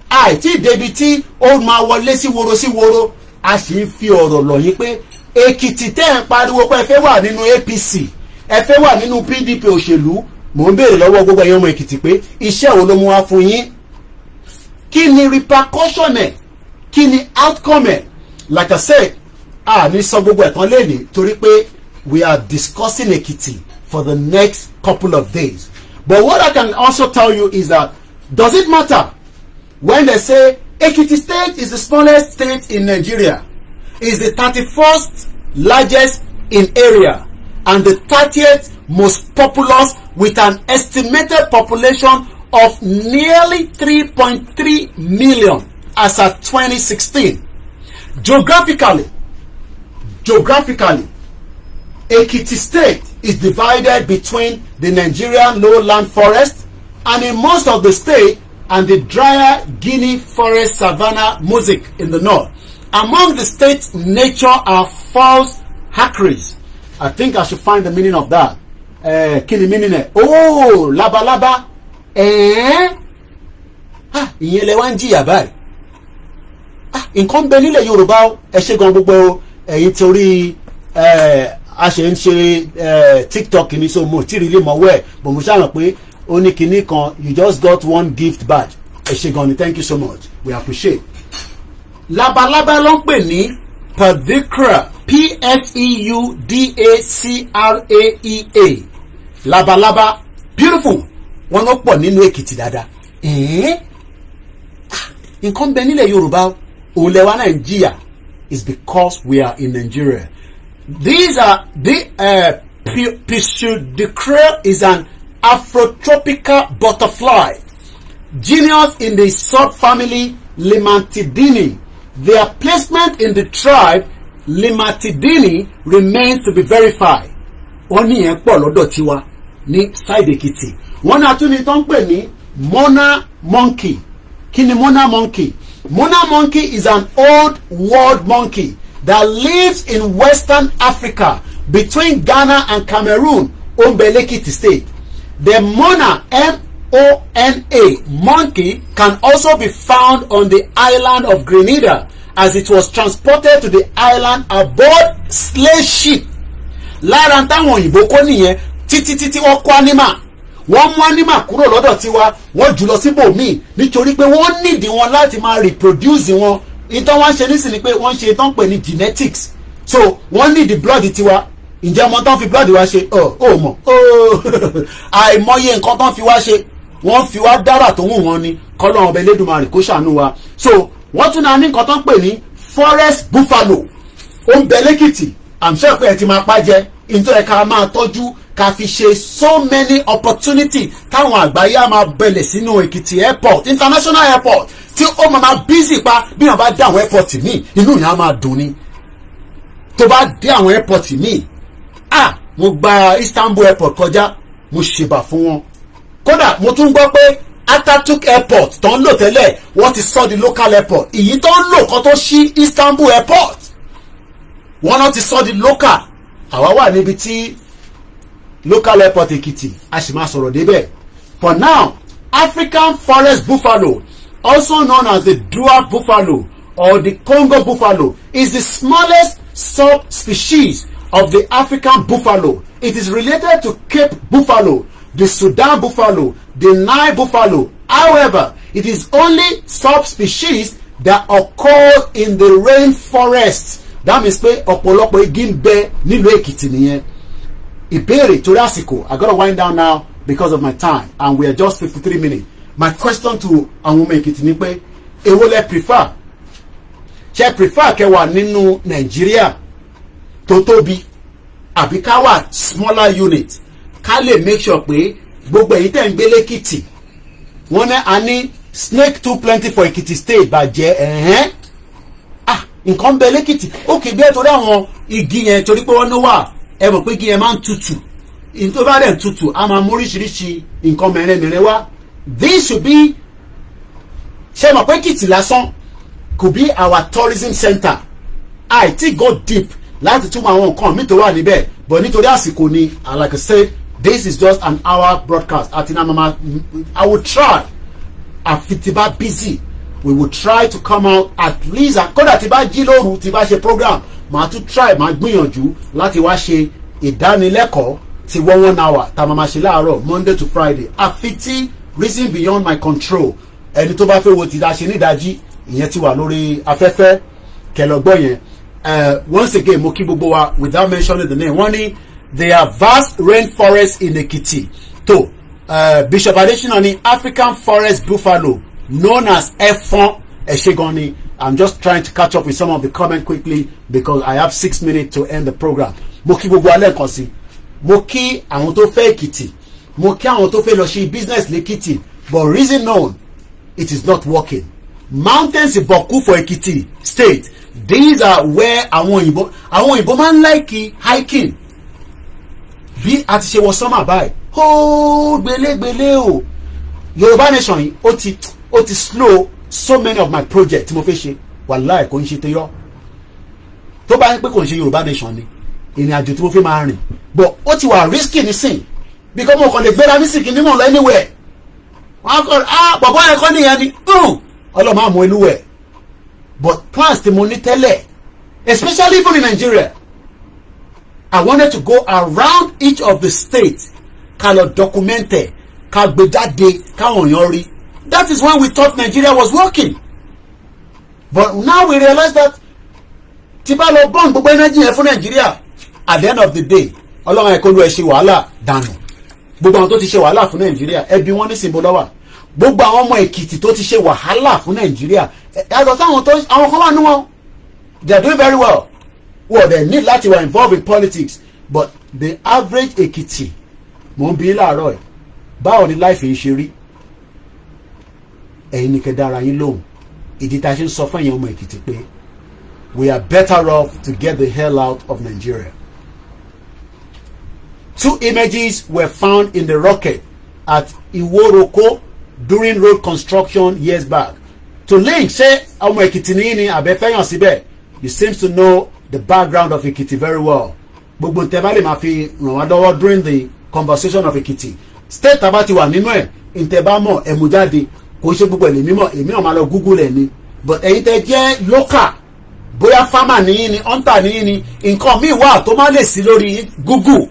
àti ìdèbi tí ó máa wọlé sí woro sí woro a sì ń fi ọ̀rọ̀ lọ̀ yín pé Èkìtì tẹ́ ń pariwo pé ẹ fẹ́ wà nínú APC ẹ fẹ́ wà nínú PDP òṣèlú mò ń béèrè lọ́wọ́ gbogbo ẹ̀yin ọmọ Èkìtì pé iṣẹ́ wo ló mú wá fún yín kí ni repercussion ẹ̀ kí ni outcome ẹ̀ like I said a ní sọ gbogbo ẹ̀kan lẹ́nìí torí pé we are discussing Ekiti for the next couple of days. But what I can also tell you is that does it matter when they say Ekiti state is the smallest state in Nigeria, is the 31st largest in area, and the 30th most populous with an estimated population of nearly 3.3 million as at 2016. Geographically, geographically, Ekiti State is divided between the Nigerian lowland forest and in most of the state and the drier Guinea forest savanna mosaic in the north. Among the state's nature are false hackeries. I think I should find the meaning of that. Uh, kí meaning ẹ̀? Oh, laba laba. Eh? Ah, ìyẹn lẹ Ah, nǹkan ń bẹ nílẹ̀ Yorùbá ẹ ṣe gan gbogbo ẹ̀yin torí eh, a ṣe ń ṣe eh, tiktok mi so mo tí rí lè mọ̀wọ́ ẹ̀ bò mo ṣàràn pé ó ní kinní kan you just got one gift bag ẹ ṣé gan ni thank you so much we appreciate. labalábá ló ń pè ní pedicra p-s-e-u-d-a-c-r-a-e-a e labalábá beautiful wọn ló pọ̀ nínú èkìtì dáadáa ah, nǹkan bẹ nílẹ̀ yorùbá òun lẹ́wà náà is because we are in nigeria These are the uh, Pseudicrea is an Afrotropica butterfly, genus in the subfamily Limantidini. Their placement in the tribe Limantidini remains to be verified. Wọ́n ní yẹn pọ̀ lọ́dọ̀ tiwa ní Side Ekiti. Wọ́n ní atúni tó ń pè ní Mona monkey. Kí ni Mona monkey? Mona monkey is an old world monkey that lives in Western Africa between Ghana and Cameroon Ombelekiti state. The mona M-O-N-A monkey can also be found on the island of Grenada as it was transported to the island aboard slave ship. Lára táwọn òyìnbó kó nìyẹn títí títí wọ́n kó animal wọ́n mú animal kúrò lọ́dọ̀ tiwa wọ́n jù lọ síbòmíì nítorí pé wọ́n nídìí wọn láti máa reproduce wọn ìtàn wọn ṣe nísìnyí pé wọ́n ṣe tán pè ní genetics so wọ́n ní the blood tiwa ǹjẹ́ ọmọ tán fi blood wa ṣe ọ ò mọ̀ àìmọye nǹkan tán fi wá ṣe wọ́n fi wá dára tó wù wọ́n ni kọ́lọ́run ọbẹ̀ lẹ́dùnmarè kó ṣàánú wa so wọ́n tún náà ní nǹkan tán pè ní forest buffalo ó ń bẹ lẹ́kìtì àmṣẹ́kọ̀ọ́ ẹ̀ ti máa pa jẹ nítorí ẹ̀ka máa tọ́jú ká fi ṣe so many opportunity táwọn àgbáyé á máa bẹ̀lẹ̀ sínú èkìtì airport international airport tí ó máa máa bízì pa bí wọn bá dé àwọn airport míì inú yẹn á máa dùn ni tó bá dé àwọn airport míì ah mo gba Istanbul airport kọjá mo ṣèbà fún wọn kódà mo tún gbọ́ pé Atatürk airport tó ń lò tẹ́lẹ̀ wọ́n ti sọ di local airport èyí tó ń lò kan tó ṣí Istanbul airport wọ́n náà ti sọ di local àwa wà níbi tí local airport Èkìtì a sì máa sọ̀rọ̀ débẹ̀ for now African forest buffalo also known as the dwarf buffalo or the Congo buffalo, is the smallest subspecies of the African buffalo. It is related to Cape buffalo, the Sudan buffalo, the Nile buffalo. However, it is only subspecies that occur in the rainforest. That means pé ọ̀pọ̀lọpọ̀ igi ń bẹ nílùú Èkìtì nìyẹn. Ìbéèrè torí àsìkò I gotta wind down now because of my time and we are just fifty three minutes my question to àwọn ọmọ èkìtì ni pé èwo lẹ prefer ṣe prefer kẹwà nínú nàìjíríà tó tóbi àbí ká wà smaller unit ká lè make sure pé gbogbo èyí tẹ̀ ń gbé lẹ́kìtì wọ́n ní a ní snake too plenty for èkìtì state bàjẹ́ ẹ̀hẹ́n ah nǹkan bẹ lẹ́kìtì ó kì í gbé torí àwọn igi yẹn torí pé wọ́n ní wà ẹ mọ̀ pé igi yẹn máa ń tutù ìtòbá rẹ̀ tutù a máa mú oríṣiríṣi nǹkan mẹ́rẹ̀mẹ́rẹ̀ wá this should be ṣe mọ̀ pé kìtì lásán could be our tourism center i think go deep láti túmọ̀ àwọn nǹkan mi tó wà níbẹ̀ but nítorí àsìkò ni like i say this is just an hour broadcast àti náà mama i will try àfi busy we will try to come out at least kódà tí bá jí lóru tí bá ṣe program màá tún try màá gbìyànjú láti wá ṣe ìdánilẹ́kọ̀ọ́ ti one one hour tá a máa ṣe láàárọ̀ monday to friday àfi reason beyond my control ẹni tó bá fẹ́ wo ti da ṣe nídàájí ìyẹn ti wà lórí afẹ́fẹ́ kẹlọgbọ́ yẹn uh, once again mo kí gbogbo wa without mentioning the name wọ́n ní there are vast rainforests in Ekiti tó uh, Bishop Adesina ní African forest buffalo known as efon ẹ̀ṣẹ̀gan I'm just trying to catch up with some of the comments quickly because I have six minutes to end the program mo kí gbogbo alẹ́ kan sí mo kí àwọn tó fẹ́ Èkìtì mo kí àwọn tó fẹ́ lọ ṣe business lẹ́kìtì but reason known it is not working mountains ìbọ̀kú for Ekiti state these are where àwọn òyìnbó àwọn òyìnbó máa ń láìkì hiking bí a ti ṣe wọ sọ́mà báyìí ó gbélégbélé o Yorùbá nation yìí ó ti ó ti slow so many of my projects tí mo fẹ́ ṣe wàláì kò ń ṣe tẹ́yọ́ tó bá yẹ pé kò ń ṣe Yorùbá nation ni ìrìn àjò tí mo fẹ́ máa rìn but ó ti wà risky nísìn Because mo kàn lè gbéra ní sìnkì nímọ̀ lọ anywhere wọn kọ ah bọ̀bọ̀ yẹn kọ́ nìyẹn ni ọlọ́mọ àmọ́ inú ẹ̀ but plans ti mo ní tẹ́lẹ̀ especially even in Nigeria I wanted to go around each of the states ká lọ document ẹ̀ ká gbé jáde káwọn èèyàn rí that is when we thought Nigeria was working but now we realize that tí bá lọ bọ́ǹ gbogbo energy yẹn fún Nigeria at the end of the day ọlọ́run ẹ̀kọ́ ló ẹ̀ ṣe wàhálà dànù gbogbo àwọn tó ti ṣe wàhálà fún nàìjíríà ẹbí wọn ní sìnbó lọ́wà gbogbo àwọn ọmọ èkìtì tó ti ṣe wàhálà fún nàìjíríà yàtọ̀ sáwọn tó àwọn kan wà nú wọn they are doing very well well they need láti were involved in politics but the average èkìtì mò ń bi láàárọ̀ ẹ̀ báwo ni life yìí ṣe rí ẹ̀yin ni kẹ́ dára yín lóhùn ìdí tá a ṣe ń sọ fún ẹ̀yin ọmọ èkìtì pé we are better off to get the hell out of Nigeria. Two images were found in the rocket at Iworoko during road construction years back. To link ṣé ọmọ Èkìtì ní ní àbẹ́fẹ́yàn síbẹ̀ he seems to know the background of Ekiti very well. Gbogbo ntẹ́ bá lè máa fi ràn wá lọ́wọ́ during the conversation of Ekiti. State tàbá ti wà nínú ẹ̀ ntẹ́ bá mọ̀ ẹ̀mú jáde kò ṣe gbogbo ẹ̀lẹ́ mímọ̀ èmi náà máa lọ Google ẹ̀ ni. But ẹ̀yin tẹ́ jẹ́ local bóyá farmer nìyí ni hunter nìyí ni nǹkan míì wà tó má lè sí lórí Google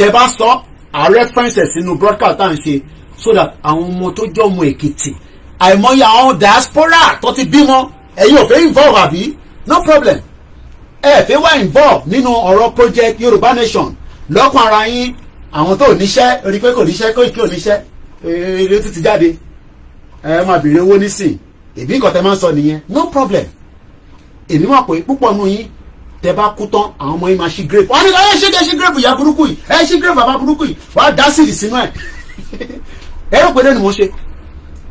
tẹ bá sọ a reference sínú broadcast tá à ń ṣe so that àwọn ọmọ tó jọ ọmọ èkìtì àìmọye àwọn diaspora tó ti bímọ ẹ̀yin ò fẹ́ involve àbí no problem ẹ fẹ́ wá involve nínú ọ̀rọ̀ project yorùbá nation lọ́kàn ara yín àwọn tó níṣẹ́ orí pé kò níṣẹ́ kò kí ò níṣẹ́ eré tó ti jáde ẹ máa béèrè owó nísìn ìbí nǹkan tẹ máa ń sọ nìyẹn no problem èmi mọ̀ pé púpọ̀ nù yín tẹ bá kú tán àwọn ọmọ yín máa ṣí grape wọn ni ẹ ṣe kẹ ṣí grape ìyá burúkú yìí ẹ ṣí grape bàbá burúkú yìí wàá dá sílì sínú ẹ ẹ rò pé lẹ́nu mo ṣe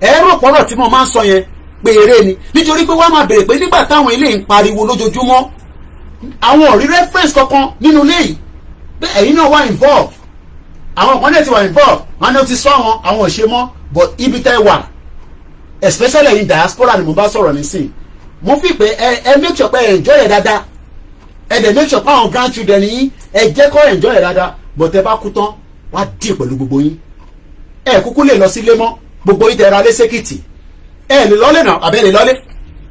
ẹ rò pọ́nrọ̀ tí mo máa ń sọ yẹn pé eré ni nítorí pé wọ́n máa bèrè pé nígbà táwọn ilé ń pariwo lójoojúmọ́ àwọn ò rí reference kankan nínú ilé yìí pé ẹ̀yin náà wà involve àwọn kan náà ti wà involve wọn náà ti sọ wọn àwọn ò ṣe mọ́ but ibi tẹ́ wà especially in diaspora ni mo bá sọ̀rọ̀ nísìnyí mo fi pé ẹ ẹ make sure pé enjoy ẹ dáadáa ẹ dẹ̀ make sure fáwọn grandchildren yín ẹ jẹ́ kọ́ enjoy ẹ̀ dáadáa but ẹ bá kú tán wá dì pẹ̀lú gbogbo yín ẹ kúkú lè lọ sílé mọ́ gbogbo yín tẹ̀ra lé sékìtì ẹ lè lọ́lé náà àbẹ́ lè lọ́lé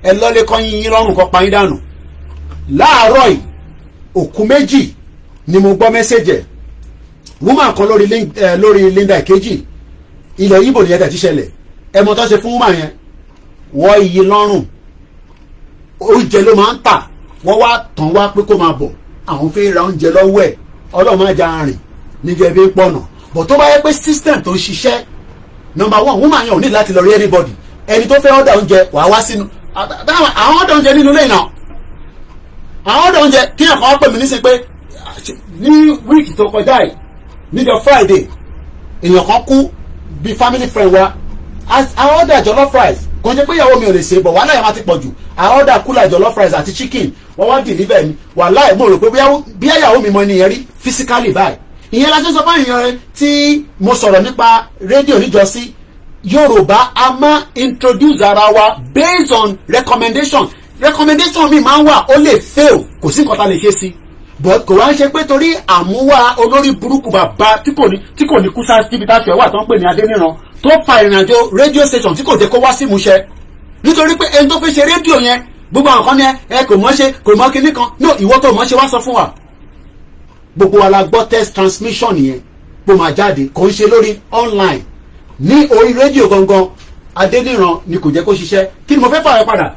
ẹ lọ́lé kọ́ yín yín lọ́rùn kọ́ pa yín dànù láàárọ̀ yìí òkú méjì ni mo gbọ́ mẹ́sẹ̀jì ẹ̀ woman kan lórí eh, lórí Linda Ìkejì ilẹ̀ Ìgbò nìyẹn tẹ̀ ti ṣẹlẹ̀ ẹ mọ tó ṣe fún woman yẹn wọ́ iyì lọ́rùn oúnjẹ ló máa ń tà wọ́n wá tán wá pé kó máa bọ̀ àwọn fẹ́ ra oúnjẹ lọ́wọ́ ẹ̀ ọlọ́run máa ja arìn níjẹ́ bí pọ̀nà bọ̀ tó bá yẹ pé system tó ń ṣiṣẹ́ number one woman yẹn ò ní láti lọ rí anybody ẹni tó fẹ́ ọ̀dà oúnjẹ wàá wá sínú àwọn ọ̀dà oúnjẹ nínú lẹ́yìn náà àwọn ọ̀dà oúnjẹ kí ẹ̀ kàn pè mí nísìnyí pé ní wíìkì tó kọjá yìí níjọ́ Friday èèyàn kan kú bíi family friend wa àwọn ọ̀dà jollof fries kò jẹ́ pé ìyàwó mi ò lè ṣe bọ̀ wàhálà yẹn máa ti pọ̀ jù àwọn kúlà jollof rice àti chicken wọ́n wá dì níbẹ̀ ni wàhálà ẹ̀ mo rò pé bí ìyàwó mi mọ nìyẹn rí physically báyìí ìyẹn la ṣe sọ fún ìyẹn tí mo sọ̀rọ̀ nípa rédíò níjọ́sí yorùbá a máa introduce ara wa based on recommendation recommendation mi máa ń wà ó lè fail kò sí nǹkan tá lè ṣe sí i but kò wá ṣe pé torí àmúwá olórí burúkú bàbá tí kò ní tí kò ní kú sá síbi táṣọ ẹwà tó ń pè ní adéníran tó fa ìrìnàjò rédíò station tí kò jẹ́ kó wá sí ìmúṣẹ nítorí pé ẹni tó fi ṣe rédíò yẹn gbogbo àwọn kan ní ẹ kò mọ̀ ṣe kò mọ̀ kinní kan no ìwọ tó mọ̀ ṣe wá sọ fún wa gbogbo wa la gbọ́ test transmission yẹn bó máa jáde kò ń ṣe lórí online ní orí rédíò gangan adéníran ni kò jẹ́ kó ṣiṣẹ́ kí ni mo fẹ́ fà rẹ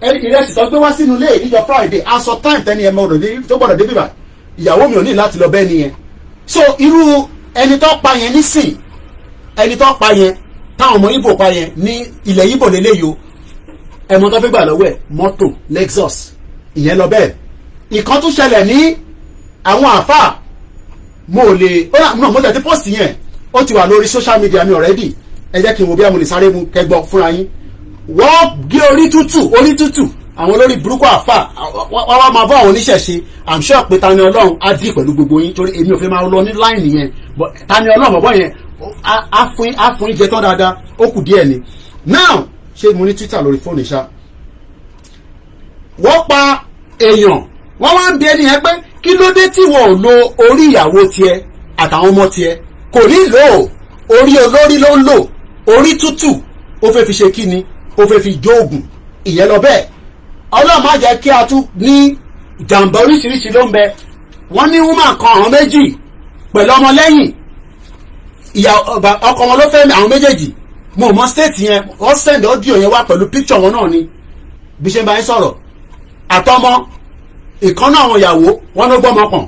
ẹni ìrẹsì tó gbé wá sínú ilé níjọ́ friday aṣọ time tẹ́ni ẹ̀ mọ́rọ̀ tó gbọ́dọ̀ débi bá ìyàwó mi ò ní láti lọ bẹ́ẹ̀ nìyẹn so irú ẹni tó pa yẹn nísìn ẹni tó pa yẹn táwọn ọmọ ibo pa yẹn ní ilẹ̀ ibo lélẹ́yìí o ẹ̀mọ́ tó fi gbà lọ́wọ́ ẹ̀ mọ́tò lexus ìyẹn lọ bẹ́ẹ̀ ìkan tún ṣẹlẹ̀ ní àwọn àfà mo lè ó rà mọ́ mọ́tò àti post yẹn ó ti wà lórí social media mi already ẹ jẹ́ kí n wo bí amúnisáré mu kẹgbọ́ fúnra yín wọ́n gé orí tútù orí tútù àwọn olórí burúkú àfà wọ́n wá máa bọ́ àwọn oníṣẹ̀ṣe i'm sure pé tani ọlọ́run á dì pẹ̀lú gbogbo yín torí èmi ò fẹ́ máa lọ ní láìní yẹn tani ọlọ́run ọ̀bọ̀ yẹn á fún á fún jẹ tán dáadáa ó kù díẹ̀ ni now ṣé mo ní twitter lórí fóònù ṣá wọ́n pa èèyàn wọ́n wá ń bi ẹni yẹn pé kí ló dé tí wọn ò lo orí ìyàwó tiẹ̀ àtàwọn ọmọ tiẹ̀ kò ní lò ó orí olórí ló ń lò orí tútù ó fẹ́ fi ṣe kí ni ó fẹ́ fi jó oògùn ìyẹn lọ bẹ́ẹ̀ ọlọ́run má jẹ́ kí a tún ní jàǹbá oríṣiríṣi ló ń bẹ wọ́n ní woman kan àwọn méjì pẹ̀lú ọmọ lẹ́yìn ìyá ọkọ wọn ló fẹ́ àwọn méjèèjì mo mọ state yẹn wọ́n send audio yẹn wá pẹ̀lú picture wọn náà ni bí ṣe bá yín sọ̀rọ̀ àtọmọ ìkan náà àwọn ìyàwó wọn ló gbọ́mọ pọ̀n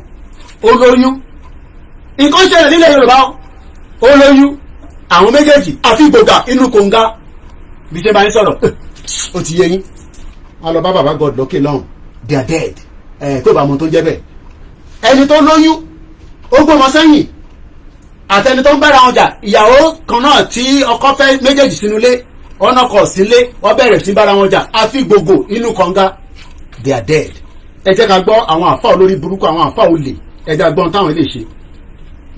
olóyún nǹkan ṣẹlẹ̀ nílẹ̀ Yorùbá olóyún àwọn méjèèjì àfi gbòdà inú kòǹga bí jẹ́ bá ń sọ̀rọ̀ ó ti yé yín wọn lọ bá baba god lókè lọ́hùn they are dead ẹ̀ tó bá mọ tó jẹ́ bẹ́ẹ̀ ẹni tó lóyún ó gbọ́mọ sẹ́yìn àtẹni tó ń bára wọn jà ìyàwó kan náà tí ọkọ fẹ́ méjèèjì sínú ilé ọ̀nà kọ̀ sílé wọ́n bẹ̀rẹ̀ sí bára wọn jà àfi gbogbo inú kànga they are dead ẹ jẹ́ ká gbọ́ àwọn àfa olórí burúkú àwọn àfa olè ẹ jẹ́ ká gbọ́n táwọn ilé ṣe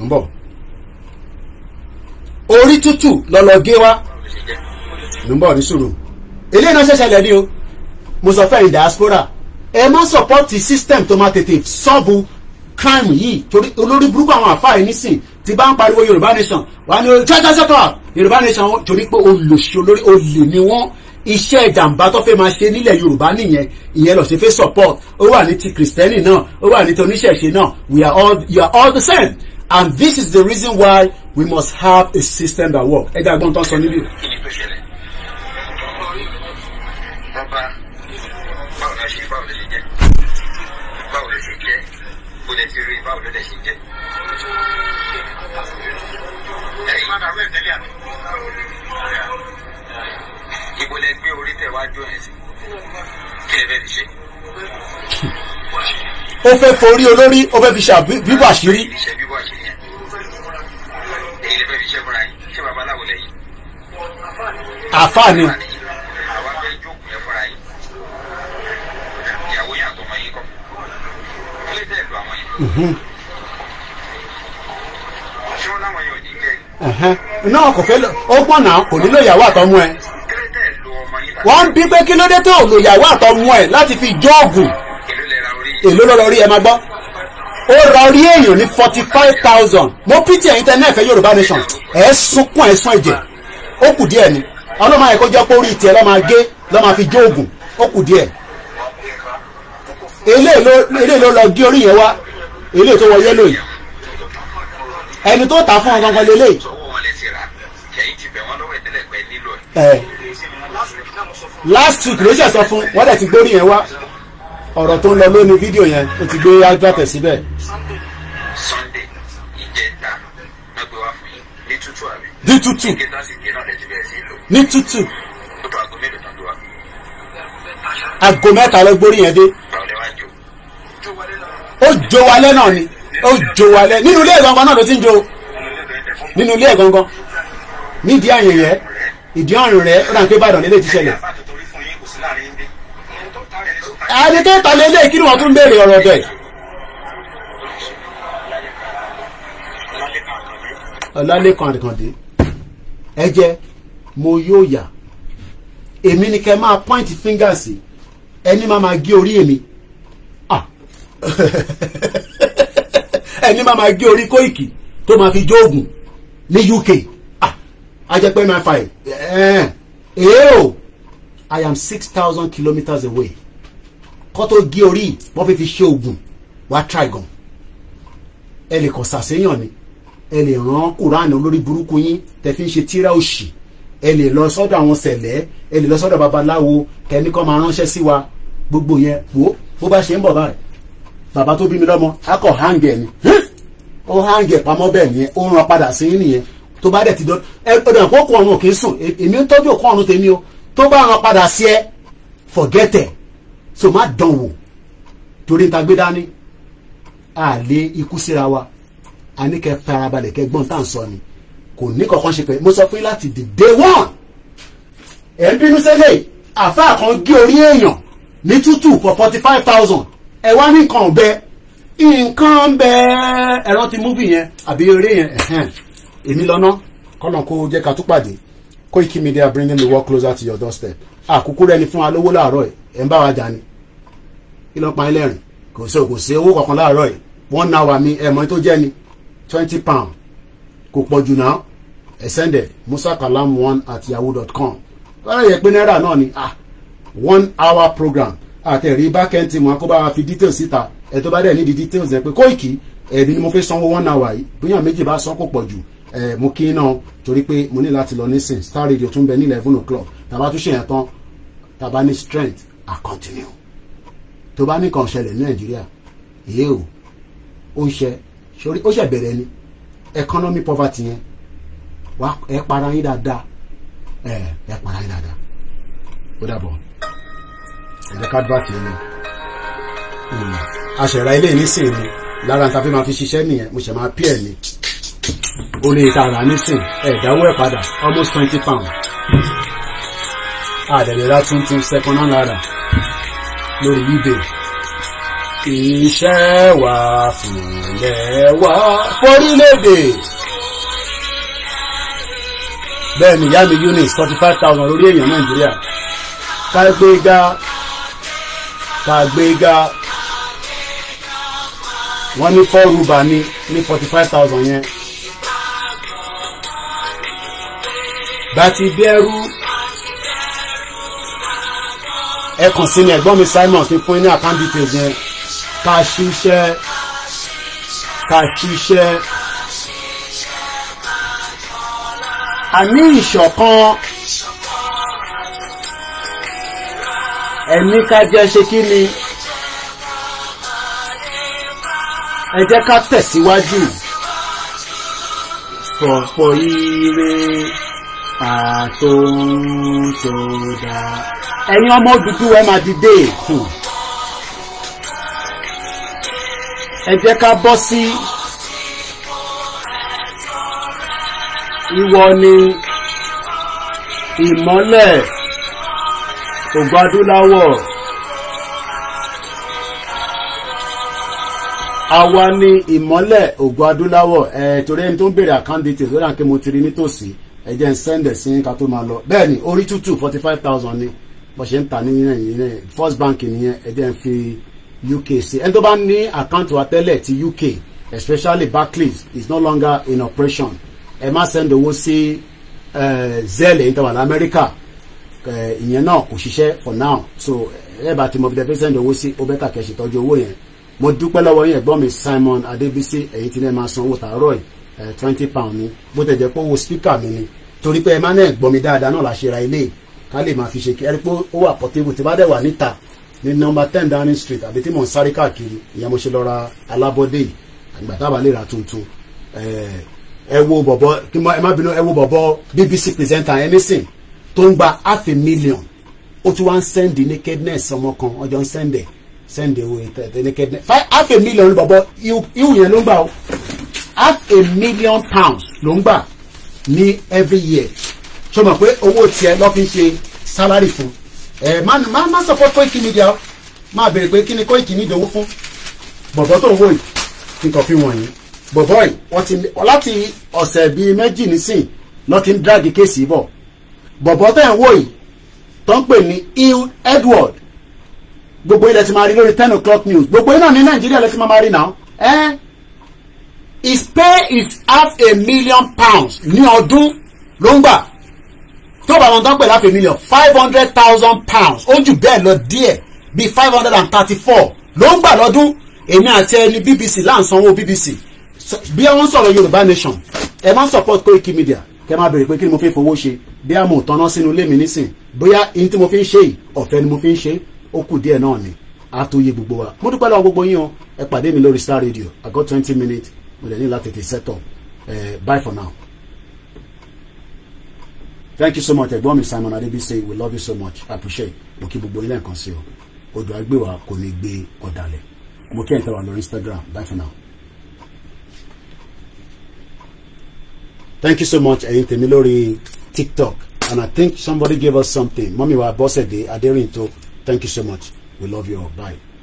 ń bọ̀ orí tútù lọ́lọ́ gé wá ló ń bọ̀ ní sùúrù eléyìí náà ṣẹ̀ṣẹ̀ lẹ́ni o mo sọ fẹ́ diaspora ẹ má sọpọ́tì system tó máa tètè sọ́ọ̀bù crime yìí torí olórí burúkú àwọn àfáà yìí nísìn ti bá ń pariwo yorùbá nation wà ní jẹjẹ sẹtọ yorùbá nation torí pé olùsí olórí olè ni wọn iṣẹ́ ìjàmbá tó fẹ́ máa ṣe nílẹ̀ yorùbá nìyẹn ìyẹn lọ sí fẹ́ support ó wà ní ti kristẹni náà ó wà ní ti oníṣẹ̀ṣe náà we are all you are all the same and this is the reason why we must have a system that work ẹ jẹ́ àgbọ̀ntàn sọ níbí. kí ni pèsè rẹ̀ bá báwo la ṣe báwo la ṣe jẹ báwo la ṣe jẹ kó lè ti rí báwo ló lè ṣe jẹ. ẹ̀yin máa kàwé ìtẹ́lẹ̀ àná. ibo lẹ gbé orí tẹ wájú ẹ̀ sí kí ẹ bẹ́ẹ̀ fi ṣe. ó fẹ́ forí olórí ó fẹ́ fi ṣe bíbọ̀ àṣírí. àfáà ni. náà kò fẹ́ ọgbọ́n náà kò nílò ìyàwó àtọmọ ẹ wọ́n bí pé kí ló dé tó lo ìyàwó àtọmọ ẹ láti fi jọ́ọ̀gù èló lọ́rọ̀ rí ẹ máa gbọ́ ó ra èèyàn ní forty five thousand mo pity ẹ̀yin tẹ́ yorùbá nation sunkún ó kù ni ọlọ́mọ jẹ́ tiẹ̀ ó kù díẹ̀ lọ gé orí yẹn wá eléyìí tó wọ yẹ́lò yìí ẹni tó ta fún ọ gangan lélẹ̀. last week ló ṣe sọ fún wọ́n dẹ̀ ti gbórí yẹn wá ọ̀rọ̀ tó ń lọ lónìí fídíò yẹn ó ti gbé agbátẹ̀ síbẹ̀. Sunday ìjẹta náà gbé wá fún yín ní tútù àbí. ní tútù ní tútù. aago mẹ́ta ló gbórí yẹn dé ó jó wa lẹ́ náà ni ó jó wa lẹ́ nínú ilé ìgangan náà ló ti ń jó nínú ilé ìgangan nídìí àyẹ̀yẹ́ ìdí ọ̀rùn rẹ̀ ó dàn pé Ìbàdàn lélẹ̀ ti ṣẹlẹ̀ àdìkẹ́ta lélẹ̀ kí ni wọ́n tún béèrè ọ̀rọ̀ ọ̀dọ̀ ẹ̀. ọlálẹ́kan àdìkàndé ẹ jẹ́ mo yóò yà èmi ni kẹ́ máa point fingers ẹni máa máa gé orí èmi. ẹni máa ma gé orí Kóìkì tó máa fi jóògùn ní UK ajẹpẹ náà fà ẹ ẹ o I am six thousand kilometres away kó tó gé orí wọ́n fi fi ṣe oògùn wá try gan ẹ lè kàn sàṣeyàn ni ẹ lè rán Quran olórí burúkú yín tẹ fi ń ṣe tíra òṣì ẹ lè lọ sọ́dọ̀ àwọn sẹ̀lẹ̀ ẹ lè lọ sọ́dọ̀ babaláwo kẹ́ni máa ránṣẹ́ sí wa gbogbo yẹn wo bó bá ṣe ń bọ̀ báyìí bàbá tó bí mi lọ́mọ akọ̀ hangẹ̀ ni ó hangẹ̀ pamọ́ bẹ́ẹ̀ nìyẹn ó ràn padà sí nìyẹn tó bá dẹ̀ ti dọ́ ẹ ọ̀dọ̀ àpò kò ọ̀run kì í sùn èmi ń tọ́jú òkú ọ̀run tèmi o tó bá ràn padà sí ẹ forget it. so má dán wò torí níta gbé dání a lé ikú síra wa a ní kẹ́ farabalẹ̀ kẹ́ gbọ́n tá à ń sọ ni kò ní kankan ṣe pẹ̀ mo sọ fún yín láti the day one ẹ̀ ń bínú sẹ́lẹ̀ àfáà kan gé orí èèyàn ní tútù for forty five thousand ẹ wá ní nǹkan ọ̀bẹ nǹkan bẹ ẹ̀rọ ti múvì yẹn àbí eré yẹn èmi lọ́nà kọ́nà kó jẹ́ ká tún pàdé Koiki Media bringing the world closer to your doorstep àkókò rẹ ni fún wa lówó láàárọ̀ ẹ̀ ń bá wa jà ni kí ló ń pa ẹlẹ́rìn kò sí kò sí owó kankan láàárọ̀ ẹ̀ one hour mi ẹ̀mọ́ tó jẹ́ ni twenty pound kò pọ̀ jù náà ẹ̀ sẹ́ndẹ̀ musakalam one at yahoo dot com lọ́rọ̀ yẹ pé náírà náà ni ah one hour program àtẹ̀rí bákẹ́ǹtì wọn kó bá wa fi details síta ẹ̀ tó bá dẹ̀ nídìí details ẹ̀ pé Koiki ẹ̀mí ni mo fẹ́ sanwó one hour yìí bóyá méjì bá sọ kò pọ̀ jù ẹ̀ mo kí náà torí pé mo ní láti lọ nísìn Star Radio tún bẹ ní eleven o'clock tàbá tún ṣe yẹn tán tàbá ní strength I continue tó bá nìkan ṣẹlẹ̀ ní Nàìjíríà èyí o ó ń ṣe sórí ó ṣe bẹ̀rẹ̀ ni economy poverty yẹn wà ẹ para yín dáadáa ẹ ẹ para yín dáadáa ó dàbọ̀ ẹ̀jẹ̀ kádùákì ni aṣẹ̀ra ilé nísìn ni lára ta fi máa fi ṣiṣẹ́ nìyẹn mo ṣe máa pí ẹ̀ ni o lè ta ara nísìn ẹ̀dáwó ẹ̀ padà almost twenty pound àdẹ̀lẹ̀ra tuntun second hand lára lórí ebay iṣẹ́ wa fúnlẹ̀ wa forílẹ̀-èdè bẹ́ẹ̀ ni ìyá mi Eunice forty five thousand lórí èèyàn Nàìjíríà ká gbé gba ká gbé ní four rúbà ní ní forty five thousand yẹn. bàtì bẹ́rù ẹ kàn sí ni ẹ̀gbọ́n mi Simon ti fún ní àkáǹtì tèmi yẹn ká ṣiṣẹ́ ká ṣiṣẹ́ àní ìṣọ̀kan. ẹ̀mí kájọ ṣe kí ni ẹ jẹ́ ká tẹ̀síwájú fọ̀pọ̀ ire àtòǹtòdà ẹ̀yin ọmọ dúdú ẹ máa dìde èkó ẹ jẹ́ ká bọ́ sí ìwọ ni ìmọ́lẹ̀ ògbó adúláwọ̀ àwa ni ìmọ́lẹ̀ ògbó adúláwọ̀ ẹ̀ torí ẹni tó ń bèrè àkáǹdì tè lórí àǹkẹ́ mo ti rí nítòsí ẹ jẹ́ ń sẹ́ndẹ̀ sí ká tó máa lọ bẹ́ẹ̀ ni orí tútù forty five thousand ni bó ṣe ń ta ní nàìjíríà first bank nìyẹn ẹ jẹ́ ń fi UK ṣe ẹni tó bá ní àkáǹtì wa tẹ́lẹ̀ ti UK especially Barclays is no longer in operation ẹ má send owó sí zelle ìtàwọn amẹ́ríkà Eh, ìyẹn náà kò ṣiṣẹ́ for now so ẹ bá ti mọ bí tẹ́fẹ́ sẹ́ndì owó sí ó bẹ́tà kẹ́ ṣètọ́jú owó yẹn mo dúpẹ́ lọ́wọ́ yín ẹ̀gbọ́n mi Simon Adébísí ẹ̀yin tí lẹ́ máa san owó tàárọ̀ ẹ̀ eh, twenty pound ni bó tẹ̀ jẹ́ pé owó spíkà mi ni torí pé ẹ má náà gbọ́ mi dáadáa náà la ṣe ra ilé ká lè máa fi ṣe kí ẹ rí pé ó wà pọ̀tébù tí bá dẹ̀ wà níta ní nọ́mbà ten Downing Street àbí tí mò ń sáré káàkiri ìyẹn mo ṣe lọ ra alábọ́dé yìí àgbà tábà lè ra tuntun eh, ẹ wo bọ̀bọ̀ ẹ má bínú ẹ wo bọ̀bọ̀ BBC presenter anything tó ń gba half a million ó tún wá ń send nakedness ọmọ kan ọjọ́ ń send ẹ̀ send owó ìtẹ̀tẹ̀ nakedness half a million ní bọ̀bọ̀ ihu yẹn ló ń gbà o half a million pounds ló ń gbà ní every year ṣó mọ̀ pé owó tiẹ̀ lọ́ fi ń ṣe salary fún ẹ̀ má má má support Koiki Media máa béèrè pé kí ni Koiki Media owó fún bọ̀bọ̀ tó ń wò yìí kí n kàn fi wọ̀nyí bọ̀bọ̀ yìí láti ọ̀sẹ̀ bíi méjì nísìn lọ́ ti ń drag kéèsì bọ̀ bọ̀bọ̀ tẹ̀ ń wò yìí tó ń pè ní Hill Edward gbogbo ilẹ̀ ti máa rí lórí ten o'clock news gbogbo iná ní Nàìjíríà lẹ́sìn máa rí náà ẹ́ his pay is half a million pounds ní ọdún ló ń gbà tó bá wọn tán pè láfi million five hundred thousand pounds ó jù bẹ́ẹ̀ lọ díẹ̀ bíi five hundred and thirty four ló ń gbà lọ́dún èmi àti ẹni BBC là ń BBC bí wọ́n sọ̀rọ̀ Yorùbá nation ẹ má support Koiki Media kẹ́ máa béèrè pé kí ni mo fi fowó ṣe bí àmọ̀ tọ́ná sínú ilé mi nísìn bóyá ihun tí mo fi ń ṣe yìí ọ̀fẹ́ ni mo fi ń ṣe ó kù díẹ̀ náà ni àtòyè gbogbo wa mo dúpẹ́ lọ́wọ́ gbogbo yín o ẹ pàdé mi lórí Star Radio I got twenty minutes mo dẹ̀ ní láti tètè set up uh, bye for now. thank you so much ẹ̀gbọ́n mi Simon Adebise we love you so much I appreciate mo kí gbogbo yín lẹ́ẹ̀kan sí o odò àgbèwà kò ní gbé ọ̀dàlẹ̀ mo kí ẹ̀ tẹ̀wà lórí Instagram bye for now. thank you so much ẹ̀yin tèmi lórí tiktok and i think somebody gave us something mọ́mí wa bọ́sẹ̀dé adérìntò thank you so much we love you all bye.